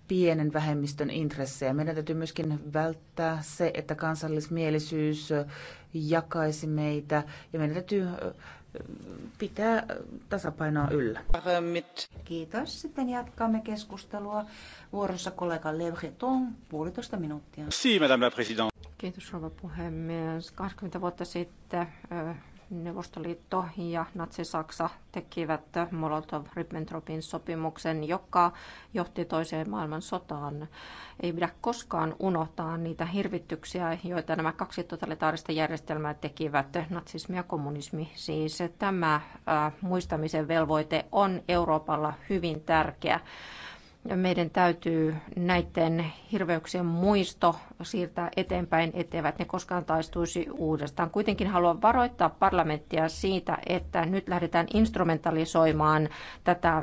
pienen vähemmistön intressejä. Meidän täytyy myöskin välttää se, että kansallismielisyys jakaisi meitä ja meidän täytyy pitää tasapainoa yllä. Kiitos. Sitten jatkamme keskustelua. Vuorossa kollega Le Breton, puolitoista minuuttia. Si, madame la présidente. Kiitos rouva puhemies. 20 vuotta sitten Neuvostoliitto ja Natsi-Saksa tekivät Molotov-Ribbentropin sopimuksen, joka johti toiseen maailmansotaan. Ei pidä koskaan unohtaa niitä hirvityksiä, joita nämä kaksi totalitaarista järjestelmää tekivät, natsismi ja kommunismi. Siis tämä muistamisen velvoite on Euroopalla hyvin tärkeä meidän täytyy näiden hirveyksien muisto siirtää eteenpäin, etteivät ne koskaan taistuisi uudestaan. Kuitenkin haluan varoittaa parlamenttia siitä, että nyt lähdetään instrumentalisoimaan tätä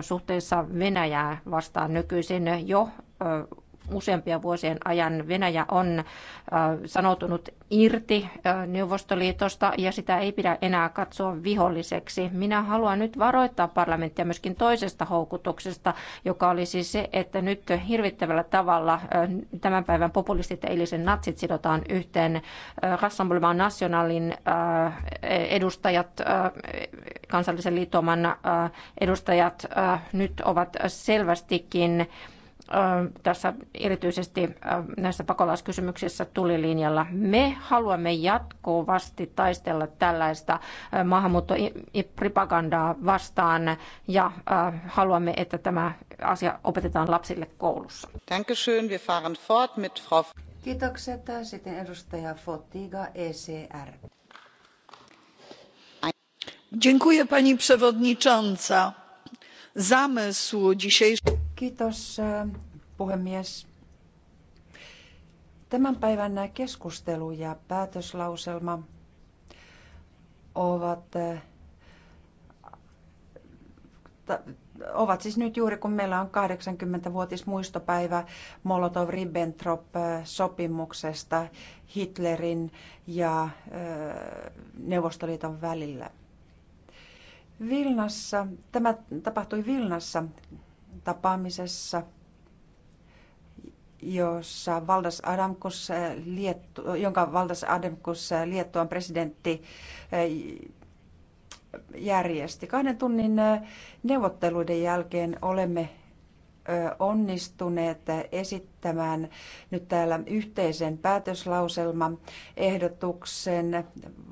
suhteessa Venäjää vastaan nykyisin jo useampia vuosien ajan Venäjä on äh, sanoutunut irti äh, Neuvostoliitosta ja sitä ei pidä enää katsoa viholliseksi. Minä haluan nyt varoittaa parlamenttia myöskin toisesta houkutuksesta, joka oli siis se, että nyt hirvittävällä tavalla äh, tämän päivän populistit ja eilisen natsit sidotaan yhteen. Rassemblement Nationalin edustajat, kansallisen liittoman edustajat nyt ovat selvästikin tässä erityisesti näissä pakolaiskysymyksissä tulilinjalla. Me haluamme jatkuvasti taistella tällaista maahanmuuttopropagandaa vastaan ja haluamme, että tämä asia opetetaan lapsille koulussa. Kiitokset. Sitten edustaja Fotiga, ECR. Dziękuję pani przewodnicząca. Zamysł dzisiejszy. Kiitos puhemies. Tämän päivän keskustelu ja päätöslauselma ovat, ovat siis nyt juuri kun meillä on 80-vuotis muistopäivä Molotov-Ribbentrop-sopimuksesta Hitlerin ja Neuvostoliiton välillä. Vilnassa, tämä tapahtui Vilnassa tapaamisessa, jossa Valdas Adamkus, eh, Liettu, jonka Valdas Adamkus eh, Liettuan presidentti eh, järjesti. Kahden tunnin neuvotteluiden jälkeen olemme onnistuneet esittämään nyt täällä yhteisen päätöslauselman ehdotuksen,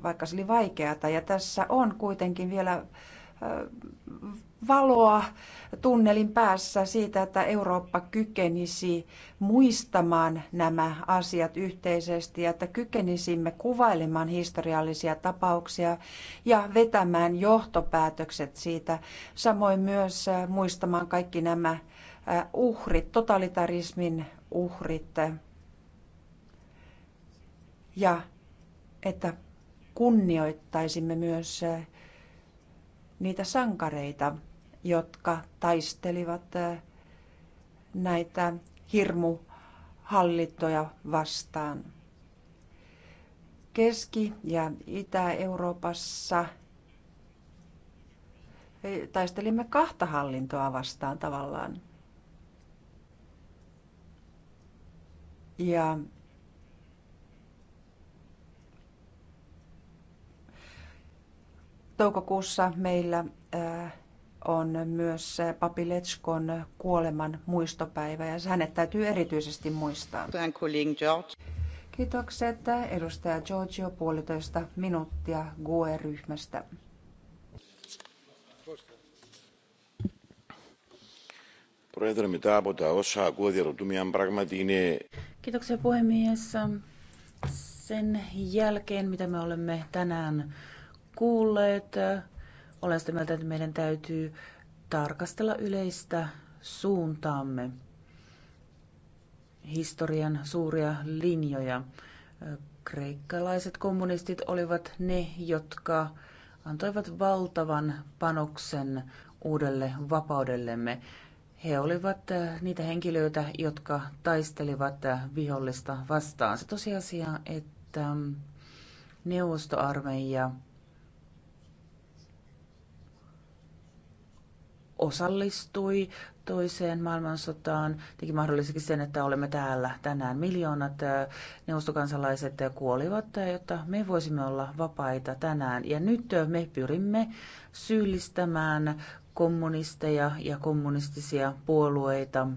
vaikka se oli vaikeata. Ja tässä on kuitenkin vielä valoa tunnelin päässä siitä, että Eurooppa kykenisi muistamaan nämä asiat yhteisesti ja että kykenisimme kuvailemaan historiallisia tapauksia ja vetämään johtopäätökset siitä, samoin myös äh, muistamaan kaikki nämä äh, uhrit, totalitarismin uhrit ja että kunnioittaisimme myös äh, niitä sankareita, jotka taistelivat äh, näitä hirmuhallintoja vastaan. Keski- ja Itä-Euroopassa eh, taistelimme kahta hallintoa vastaan tavallaan. Ja toukokuussa meillä äh, on myös Papilechkon kuoleman muistopäivä ja hänet täytyy erityisesti muistaa. Kiitokset edustaja Giorgio puolitoista minuuttia GUE-ryhmästä. Kiitoksia puhemies. Sen jälkeen, mitä me olemme tänään kuulleet, olen sitä mieltä, että meidän täytyy tarkastella yleistä suuntaamme, historian suuria linjoja. Kreikkalaiset kommunistit olivat ne, jotka antoivat valtavan panoksen uudelle vapaudellemme. He olivat eh, niitä henkilöitä, jotka taistelivat eh, vihollista vastaan. Se tosiasia, että mm, neuvostoarmeija – osallistui toiseen maailmansotaan, teki mahdolliseksi sen, että olemme täällä tänään. Miljoonat äh, neuvostokansalaiset äh, kuolivat, äh, jotta me voisimme olla vapaita tänään. Ja nyt me pyrimme syyllistämään kommunisteja ja kommunistisia puolueita.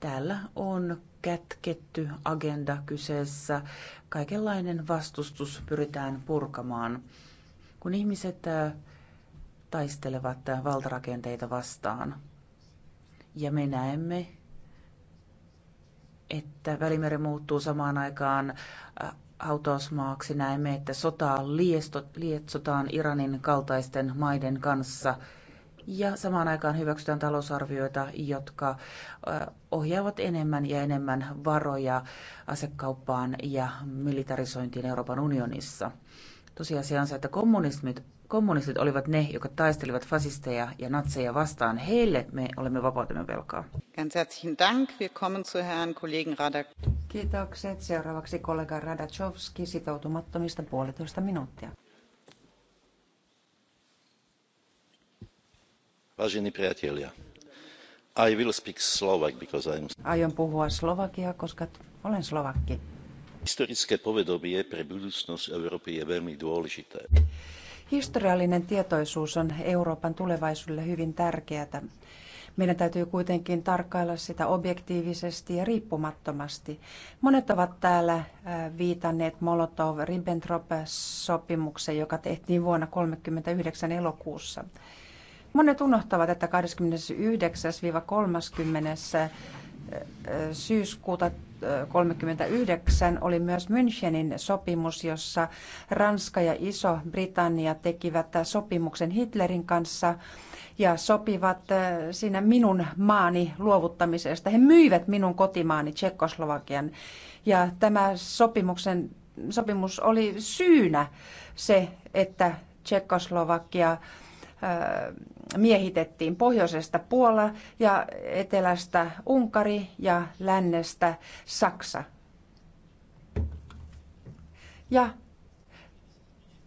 Täällä on kätketty agenda kyseessä. Kaikenlainen vastustus pyritään purkamaan. Kun ihmiset taistelevat valtarakenteita vastaan. Ja me näemme, että Välimeri muuttuu samaan aikaan äh, hautausmaaksi. Näemme, että sotaa lietsotaan Iranin kaltaisten maiden kanssa. Ja samaan aikaan hyväksytään talousarvioita, jotka äh, ohjaavat enemmän ja enemmän varoja asekauppaan ja militarisointiin Euroopan unionissa. Tosiasia on se, että kommunismit kommunistit olivat ne, jotka taistelivat fasisteja ja natseja vastaan. Heille me olemme vapautemme velkaa. Ganz herzlichen Dank. Wir kommen zu Herrn Kollegen Radak. Kiitokset. Seuraavaksi kollega Radachowski sitoutumattomista puolitoista minuuttia. Vážení priatelia, I will speak Slovak because I'm... Aion puhua slovakia, koska olen slovakki. Historické povedomie pre budúcnosť Európy je veľmi dôležité Historiallinen tietoisuus on Euroopan tulevaisuudelle hyvin tärkeää. Meidän täytyy kuitenkin tarkkailla sitä objektiivisesti ja riippumattomasti. Monet ovat täällä äh, viitanneet Molotov-Ribbentrop-sopimukseen, joka tehtiin vuonna 1939 elokuussa. Monet unohtavat, että 29-30. Äh, äh, syyskuuta 1939 oli myös Münchenin sopimus, jossa Ranska ja Iso-Britannia tekivät sopimuksen Hitlerin kanssa ja sopivat eh, siinä minun maani luovuttamisesta. He myivät minun kotimaani Tsekkoslovakian ja tämä sopimuksen, sopimus oli syynä se, että Tsekkoslovakia miehitettiin pohjoisesta Puola ja etelästä Unkari ja lännestä Saksa. Ja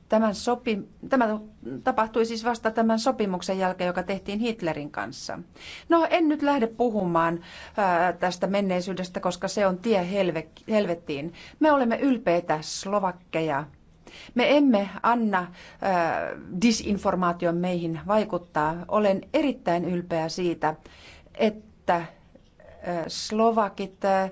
tämän sopi, tämä tapahtui siis vasta tämän sopimuksen jälkeen, joka tehtiin Hitlerin kanssa. No en nyt lähde puhumaan ää, tästä menneisyydestä, koska se on tie helvettiin. Me olemme ylpeitä slovakkeja me emme anna äh, disinformaation meihin vaikuttaa. Olen erittäin ylpeä siitä, että äh, Slovakit, äh,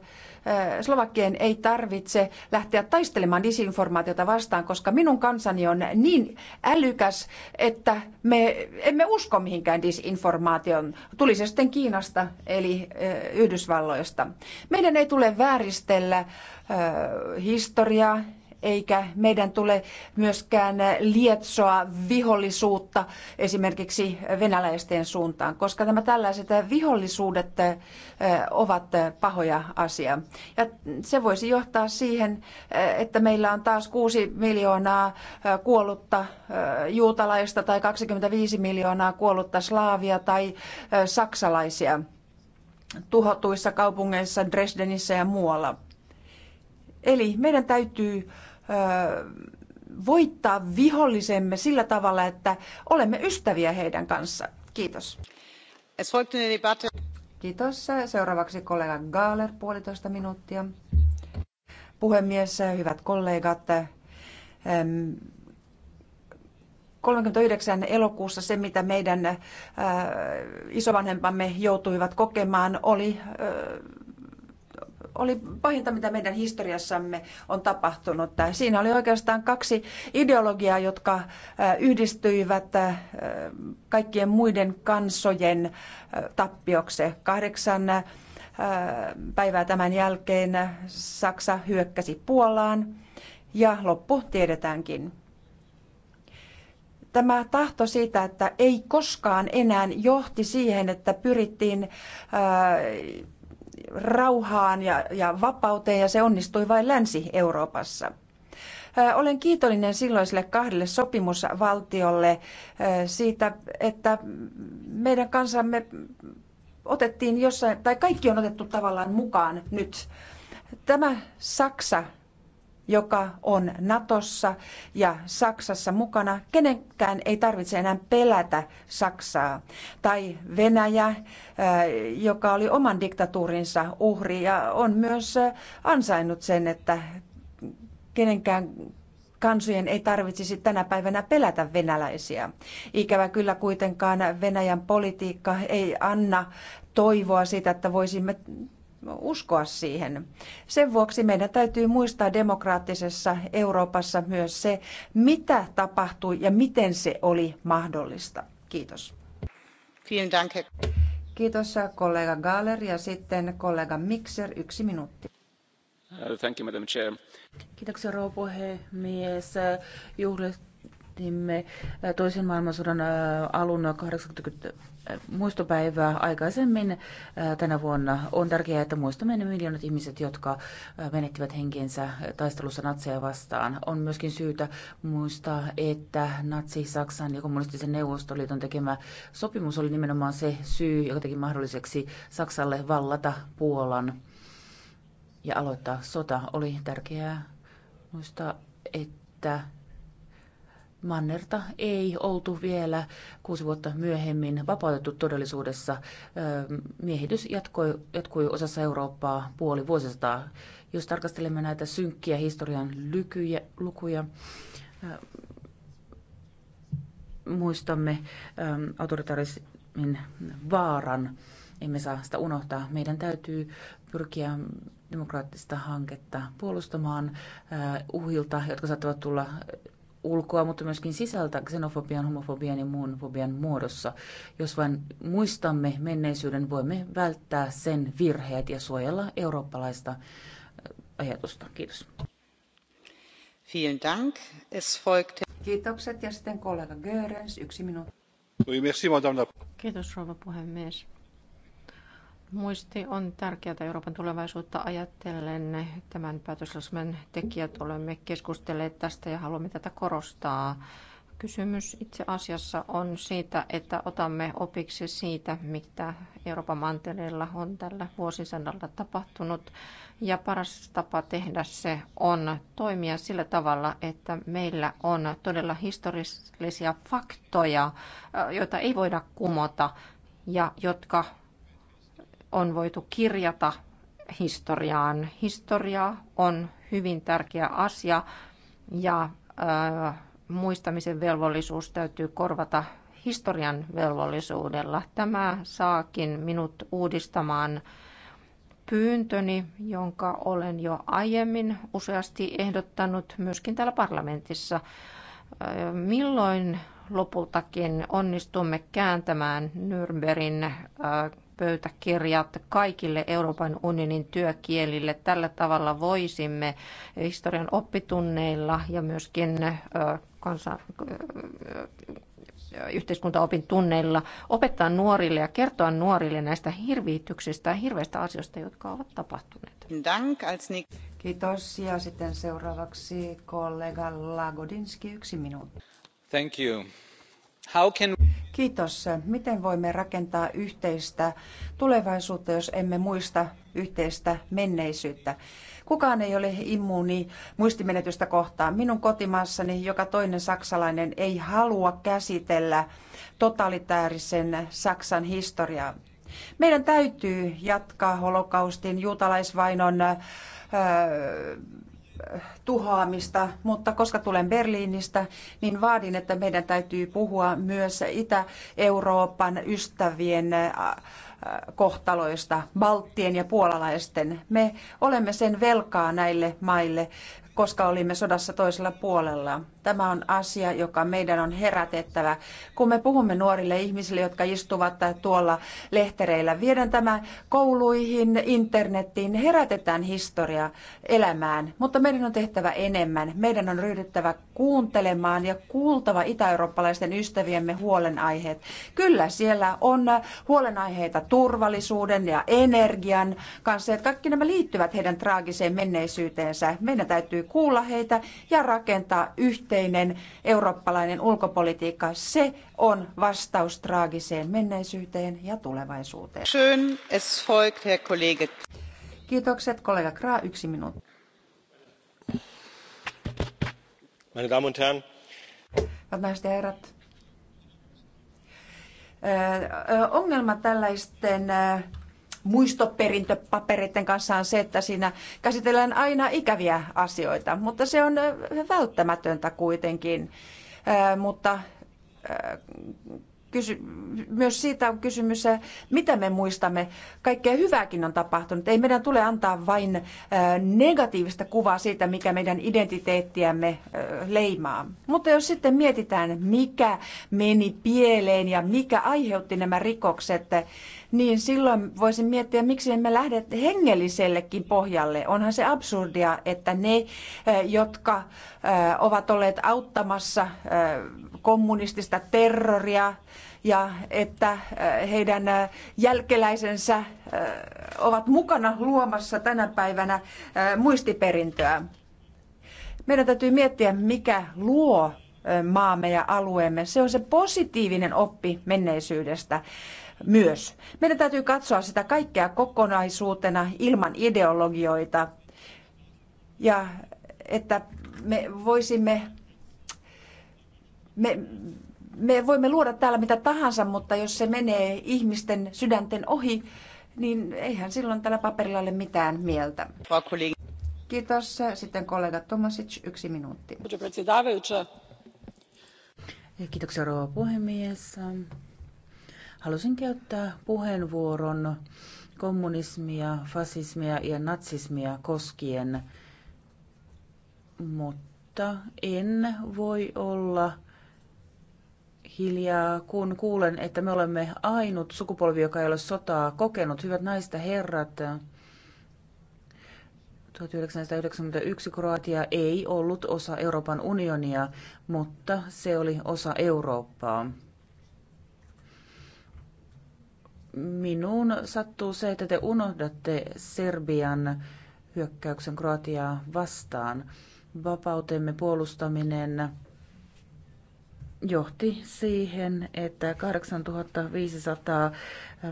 Slovakkien ei tarvitse lähteä taistelemaan disinformaatiota vastaan, koska minun kansani on niin älykäs, että me emme usko mihinkään disinformaation. Tuli se sitten Kiinasta eli Yhdysvalloista. Meidän ei tule vääristellä historiaa eikä meidän tule myöskään lietsoa vihollisuutta esimerkiksi venäläisten suuntaan, koska nämä tällaiset vihollisuudet ovat pahoja asia. Ja se voisi johtaa siihen, että meillä on taas 6 miljoonaa kuollutta juutalaista tai 25 miljoonaa kuollutta slaavia tai saksalaisia tuhotuissa kaupungeissa Dresdenissä ja muualla. Eli meidän täytyy voittaa vihollisemme sillä tavalla, että olemme ystäviä heidän kanssa. Kiitos. Kiitos. Seuraavaksi kollega Gaaler, puolitoista minuuttia. Puhemies, hyvät kollegat, 39 elokuussa se, mitä meidän isovanhempamme joutuivat kokemaan, oli oli pahinta, mitä meidän historiassamme on tapahtunut. Siinä oli oikeastaan kaksi ideologiaa, jotka yhdistyivät kaikkien muiden kansojen tappiokse. Kahdeksan päivää tämän jälkeen Saksa hyökkäsi Puolaan ja loppu tiedetäänkin tämä tahto siitä, että ei koskaan enää johti siihen, että pyrittiin rauhaan ja, ja vapauteen ja se onnistui vain Länsi-Euroopassa. Olen kiitollinen silloiselle kahdelle sopimusvaltiolle siitä, että meidän kansamme otettiin jossain, tai kaikki on otettu tavallaan mukaan nyt. Tämä Saksa joka on Natossa ja Saksassa mukana, kenenkään ei tarvitse enää pelätä Saksaa. Tai Venäjä, äh, joka oli oman diktatuurinsa uhri ja on myös äh, ansainnut sen, että kenenkään kansojen ei tarvitsisi tänä päivänä pelätä venäläisiä. Ikävä kyllä kuitenkaan Venäjän politiikka ei anna toivoa siitä, että voisimme uskoa siihen. Sen vuoksi meidän täytyy muistaa demokraattisessa Euroopassa myös se, mitä tapahtui ja miten se oli mahdollista. Kiitos. Kiitos kollega Galler ja sitten kollega Mixer, yksi minuutti. Thank you, Madam Chair. Kiitoksia rouva puhemies. Juhlit vietimme äh, toisen maailmansodan äh, alun 80 äh, muistopäivää aikaisemmin tänä vuonna. On tärkeää, että muistamme ne miljoonat ihmiset, jotka menettivät henkensä taistelussa natseja vastaan. On myöskin syytä muistaa, että natsi-Saksan ja kommunistisen neuvostoliiton tekemä sopimus oli nimenomaan se syy, joka teki mahdolliseksi Saksalle vallata Puolan ja aloittaa sota. Oli tärkeää muistaa, että Mannerta ei oltu vielä kuusi vuotta myöhemmin vapautettu todellisuudessa. Miehitys jatkoi, jatkui osassa Eurooppaa puoli vuosisataa. Jos tarkastelemme näitä synkkiä historian lykyjä, lukuja, muistamme autoritarismin vaaran. Emme saa sitä unohtaa. Meidän täytyy pyrkiä demokraattista hanketta puolustamaan uhilta, jotka saattavat tulla ulkoa, mutta myöskin sisältä xenofobian, homofobian ja muun fobian muodossa. Jos vain muistamme menneisyyden, voimme välttää sen virheet ja suojella eurooppalaista äh, ajatusta. Kiitos. Vielen Dank. Es folgt... Kiitokset ja sitten kollega Görens, yksi minuutti. Kiitos rouva puhemies. Muisti on tärkeää Euroopan tulevaisuutta ajatellen. Tämän päätöslauselman tekijät olemme keskustelleet tästä ja haluamme tätä korostaa. Kysymys itse asiassa on siitä, että otamme opiksi siitä, mitä Euroopan mantereella on tällä vuosisadalla tapahtunut. Ja paras tapa tehdä se on toimia sillä tavalla, että meillä on todella historiallisia faktoja, joita ei voida kumota ja jotka on voitu kirjata historiaan. Historia on hyvin tärkeä asia ja äh, muistamisen velvollisuus täytyy korvata historian velvollisuudella. Tämä saakin minut uudistamaan pyyntöni, jonka olen jo aiemmin useasti ehdottanut myöskin täällä parlamentissa. Milloin lopultakin onnistumme kääntämään Nürnbergin pöytäkirjat kaikille Euroopan unionin työkielille. Tällä tavalla voisimme historian oppitunneilla ja myöskin kansa, yhteiskuntaopin tunneilla opettaa nuorille ja kertoa nuorille näistä hirviityksistä ja hirveistä asioista, jotka ovat tapahtuneet. Kiitos. Ja sitten seuraavaksi kollega Lagodinski, yksi minuutti. Thank you. Kiitos. Miten voimme rakentaa yhteistä tulevaisuutta, jos emme muista yhteistä menneisyyttä? Kukaan ei ole immuuni muistimenetystä kohtaan. Minun kotimaassani joka toinen saksalainen ei halua käsitellä totalitäärisen Saksan historiaa. Meidän täytyy jatkaa holokaustin, juutalaisvainon, öö, tuhoamista, mutta koska tulen Berliinistä, niin vaadin, että meidän täytyy puhua myös Itä-Euroopan ystävien kohtaloista, balttien ja puolalaisten. Me olemme sen velkaa näille maille, koska olimme sodassa toisella puolella. Tämä on asia, joka meidän on herätettävä. Kun me puhumme nuorille ihmisille, jotka istuvat tuolla lehtereillä, viedään tämä kouluihin, internettiin, herätetään historia elämään. Mutta meidän on tehtävä enemmän. Meidän on ryhdyttävä kuuntelemaan ja kuultava itä-eurooppalaisten ystäviemme huolenaiheet. Kyllä, siellä on huolenaiheita turvallisuuden ja energian kanssa, että kaikki nämä liittyvät heidän traagiseen menneisyyteensä. Meidän täytyy kuulla heitä ja rakentaa yhteinen eurooppalainen ulkopolitiikka. Se on vastaus traagiseen menneisyyteen ja tulevaisuuteen. Schön, es folgt, Herr Kollege. Kiitokset, kollega Kraa, yksi minuutti. Meine Damen und Herren. Hyvät naiset ja herrat, Ongelma tällaisten muistoperintöpapereiden kanssa on se, että siinä käsitellään aina ikäviä asioita, mutta se on välttämätöntä kuitenkin. Mutta kysy- myös siitä on kysymys, äh, mitä me muistamme. Kaikkea hyvääkin on tapahtunut. Ei meidän tule antaa vain äh, negatiivista kuvaa siitä, mikä meidän identiteettiämme äh, leimaa. Mutta jos sitten mietitään, mikä meni pieleen ja mikä aiheutti nämä rikokset, niin silloin voisin miettiä, miksi emme lähde hengellisellekin pohjalle. Onhan se absurdia, että ne, jotka ovat olleet auttamassa kommunistista terroria, ja että äh, heidän äh, jälkeläisensä äh, ovat mukana luomassa tänä päivänä muistiperintöä. Meidän täytyy miettiä, mikä luo maamme ja alueemme. Se on se positiivinen oppi menneisyydestä myös. Meidän täytyy katsoa sitä kaikkea kokonaisuutena ilman ideologioita ja että me voisimme me me voimme luoda täällä mitä tahansa, mutta jos se menee ihmisten sydänten ohi, niin eihän silloin tällä paperilla ole mitään mieltä. Kiitos. Sitten kollega Tomasic, yksi minuutti. Kiitoksia rouva puhemies. Halusin käyttää puheenvuoron kommunismia, fasismia ja natsismia koskien, mutta en voi olla – hiljaa, kun kuulen, että me olemme ainut sukupolvi, joka ei ole sotaa kokenut. Hyvät naista herrat, 1991 Kroatia ei ollut osa Euroopan unionia, mutta se oli osa Eurooppaa. Minuun sattuu se, että te unohdatte Serbian hyökkäyksen Kroatiaa vastaan. Vapautemme puolustaminen johti siihen, että 8500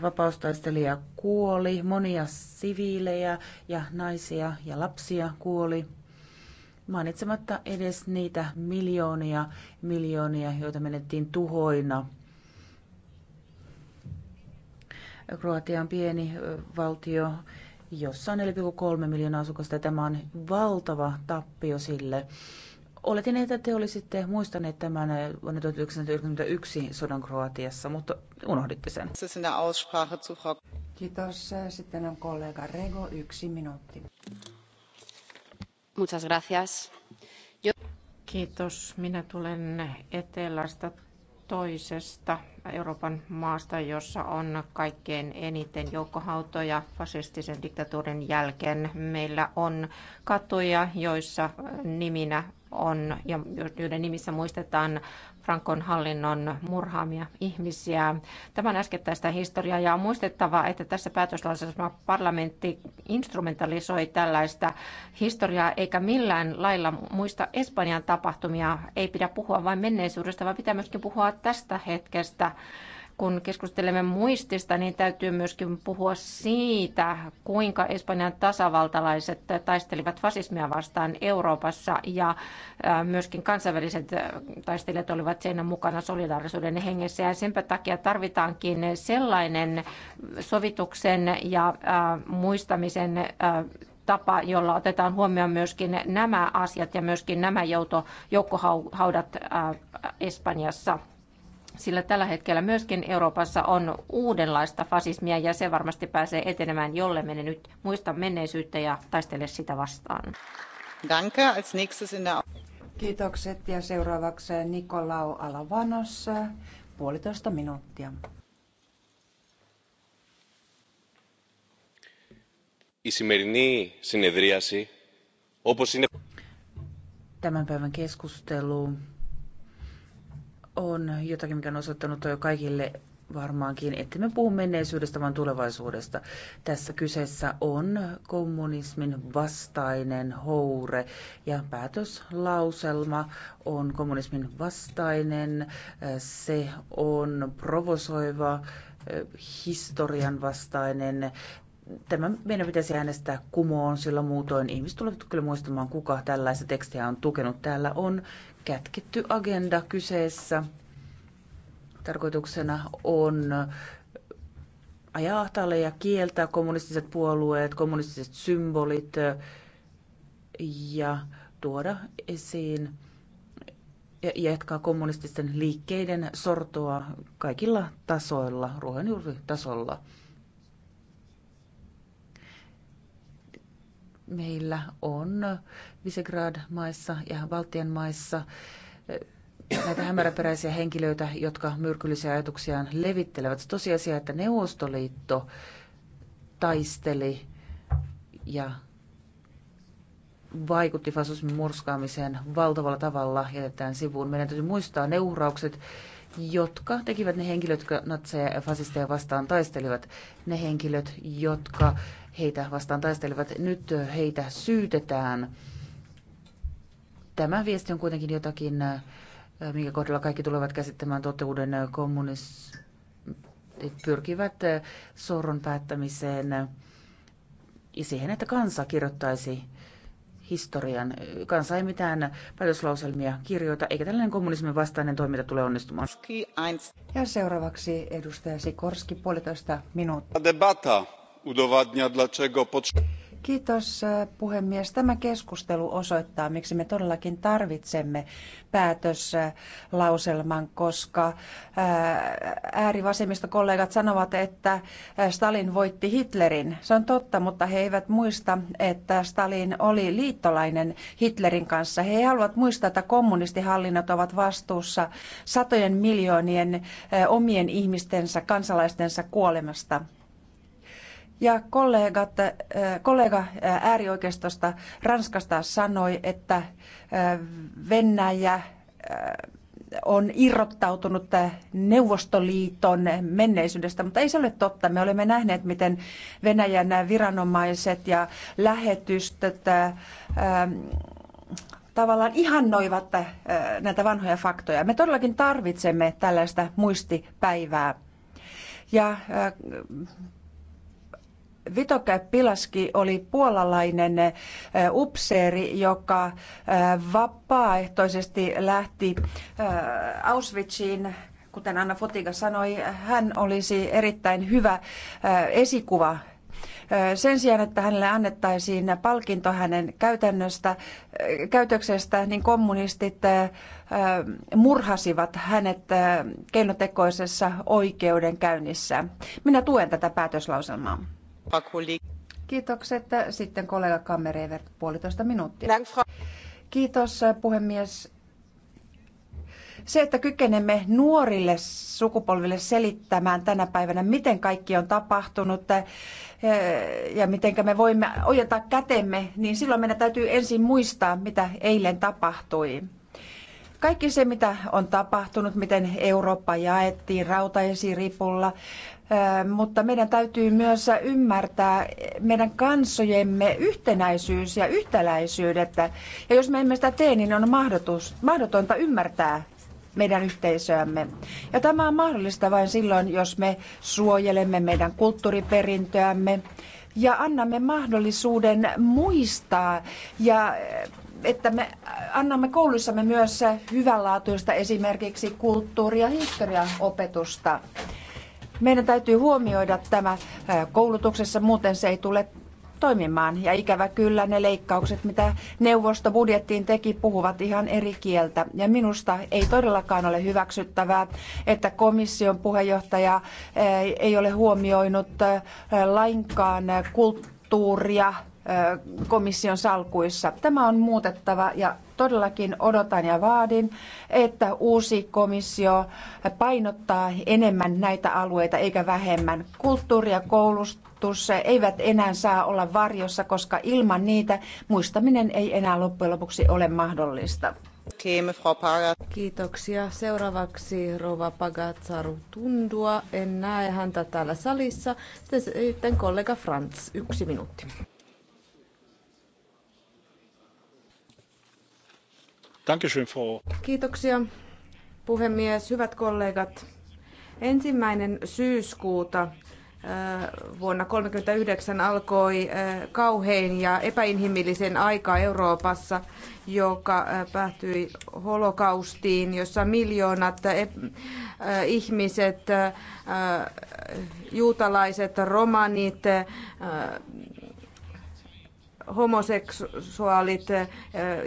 vapaustaistelijaa kuoli, monia siviilejä ja naisia ja lapsia kuoli, mainitsematta edes niitä miljoonia, miljoonia, joita menettiin tuhoina. Kroatian pieni valtio, jossa on 4,3 miljoonaa asukasta, ja tämä on valtava tappio sille. Oletin, että te olisitte muistaneet tämän vuonna 1991 sodan Kroatiassa, mutta unohditte sen. Kiitos. Sitten on kollega Rego, yksi minuutti. Muchas gracias. Yo... Kiitos. Minä tulen etelästä toisesta Euroopan maasta, jossa on kaikkein eniten joukkohautoja fasistisen diktatuurin jälkeen. Meillä on katuja, joissa niminä on, ja joiden nimissä muistetaan Frankon hallinnon murhaamia ihmisiä. Tämän äskettäistä historiaa ja on muistettava, että tässä päätöslauselmassa parlamentti instrumentalisoi tällaista historiaa, eikä millään lailla muista Espanjan tapahtumia. Ei pidä puhua vain menneisyydestä, vaan pitää myöskin puhua tästä hetkestä kun keskustelemme muistista, niin täytyy myöskin puhua siitä, kuinka Espanjan tasavaltalaiset taistelivat fasismia vastaan Euroopassa ja myöskin kansainväliset taistelijat olivat siinä mukana solidaarisuuden hengessä. Ja senpä takia tarvitaankin sellainen sovituksen ja muistamisen tapa, jolla otetaan huomioon myöskin nämä asiat ja myöskin nämä jouto, joukkohaudat Espanjassa sillä tällä hetkellä myöskin Euroopassa on uudenlaista fasismia ja se varmasti pääsee etenemään, jolle me nyt muista menneisyyttä ja taistele sitä vastaan. Danke, als nächstes in der... Kiitokset ja seuraavaksi Nikolau Alavanos, puolitoista minuuttia. Η σημερινή συνεδρίαση, όπως είναι... Tämän päivän keskustelu on jotakin, mikä on osoittanut jo kaikille varmaankin, että me puhu menneisyydestä, vaan tulevaisuudesta. Tässä kyseessä on kommunismin vastainen houre ja päätöslauselma on kommunismin vastainen. Se on provosoiva, eh, historian vastainen tämä meidän pitäisi äänestää kumoon, sillä muutoin ihmiset tulevat kyllä muistamaan, kuka tällaista tekstiä on tukenut. Täällä on kätketty agenda kyseessä. Tarkoituksena on ajaa ja kieltää kommunistiset puolueet, kommunistiset symbolit ja tuoda esiin ja jatkaa kommunististen liikkeiden sortoa kaikilla tasoilla, ruohonjuuritasolla. tasolla. meillä on Visegrad-maissa ja Baltian maissa eh, näitä hämäräperäisiä henkilöitä, jotka myrkyllisiä ajatuksiaan levittelevät. Se tosiasia, että Neuvostoliitto taisteli ja vaikutti fasismin murskaamiseen valtavalla tavalla, jätetään sivuun. Meidän täytyy muistaa ne uhraukset, jotka tekivät ne henkilöt, jotka natseja ja fasisteja vastaan taistelivat, ne henkilöt, jotka heitä vastaan taistelevat. Nyt heitä syytetään. Tämä viesti on kuitenkin jotakin, äh, minkä kohdalla kaikki tulevat käsittämään toteuden kommunistit pyrkivät äh, sorron päättämiseen ja siihen, että kansa kirjoittaisi historian. Kansa ei mitään päätöslauselmia kirjoita, eikä tällainen kommunismin vastainen toiminta tule onnistumaan. Ja seuraavaksi edustaja Sikorski, puolitoista minuuttia. Debata udowadnia dlaczego Kiitos e, puhemies. Tämä keskustelu osoittaa, miksi me todellakin tarvitsemme päätöslauselman, koska e, äärivasemmistokollegat sanovat, että e, Stalin voitti Hitlerin. Se on totta, mutta he eivät muista, että Stalin oli liittolainen Hitlerin kanssa. He haluavat muistaa, että kommunistihallinnot ovat vastuussa satojen miljoonien omien ihmistensä, kansalaistensa kuolemasta. Ja kollegat, äh, kollega äh, äärioikeistosta Ranskasta sanoi, että äh, Venäjä on irrottautunut Neuvostoliiton menneisyydestä, mutta ei se ole totta. Me olemme nähneet, miten Venäjän viranomaiset ja lähetystöt ähm, tavallaan ihannoivat näitä vanhoja faktoja. Me todellakin tarvitsemme tällaista muistipäivää. Ja Vitoke Pilaski oli puolalainen upseeri, joka vapaaehtoisesti lähti Auschwitziin kuten Anna Fotiga sanoi, hän olisi erittäin hyvä esikuva sen sijaan, että hänelle annettaisiin palkinto hänen käytännöstä, käytöksestä, niin kommunistit murhasivat hänet keinotekoisessa oikeudenkäynnissä. Minä tuen tätä päätöslauselmaa. Kiitokset. Sitten kollega Kammerever, puolitoista minuuttia. Kiitos puhemies. Se, että kykenemme nuorille sukupolville selittämään tänä päivänä, miten kaikki on tapahtunut eh, ja miten me voimme ojentaa kätemme, niin silloin meidän täytyy ensin muistaa, mitä eilen tapahtui. Kaikki se, mitä on tapahtunut, miten Eurooppa jaettiin rautaesiripulla, mutta meidän täytyy myös ymmärtää meidän kansojemme yhtenäisyys ja yhtäläisyydet. Ja jos me emme sitä tee, niin on mahdotonta ymmärtää meidän yhteisöämme. Ja tämä on mahdollista vain silloin, jos me suojelemme meidän kulttuuriperintöämme ja annamme mahdollisuuden muistaa ja että me annamme koulussamme myös hyvänlaatuista esimerkiksi kulttuuri- ja historiaopetusta. opetusta meidän täytyy huomioida tämä koulutuksessa, muuten se ei tule toimimaan. Ja ikävä kyllä ne leikkaukset, mitä neuvosto budjettiin teki, puhuvat ihan eri kieltä. Ja minusta ei todellakaan ole hyväksyttävää, että komission puheenjohtaja ei ole huomioinut lainkaan kulttuuria komission salkuissa. Tämä on muutettava ja todellakin odotan ja vaadin, että uusi komissio painottaa enemmän näitä alueita eikä vähemmän. Kulttuuri ja koulutus eivät enää saa olla varjossa, koska ilman niitä muistaminen ei enää loppujen lopuksi ole mahdollista. Kiitoksia. Seuraavaksi Rova Pagatsaru Tundua. En näe häntä täällä salissa. Sitten kollega Franz, yksi minuutti Kiitoksia puhemies, hyvät kollegat. Ensimmäinen syyskuuta äh, vuonna 1939 alkoi äh, kauhein ja epäinhimillisen aika Euroopassa, joka äh, päättyi holokaustiin, jossa miljoonat ihmiset, juutalaiset, romanit, homoseksuaalit eh,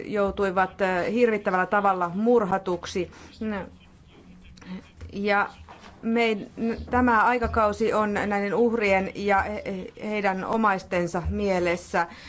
joutuivat eh, hirvittävällä tavalla murhatuksi. Ja me, tämä aikakausi on näiden uhrien ja heidän omaistensa mielessä.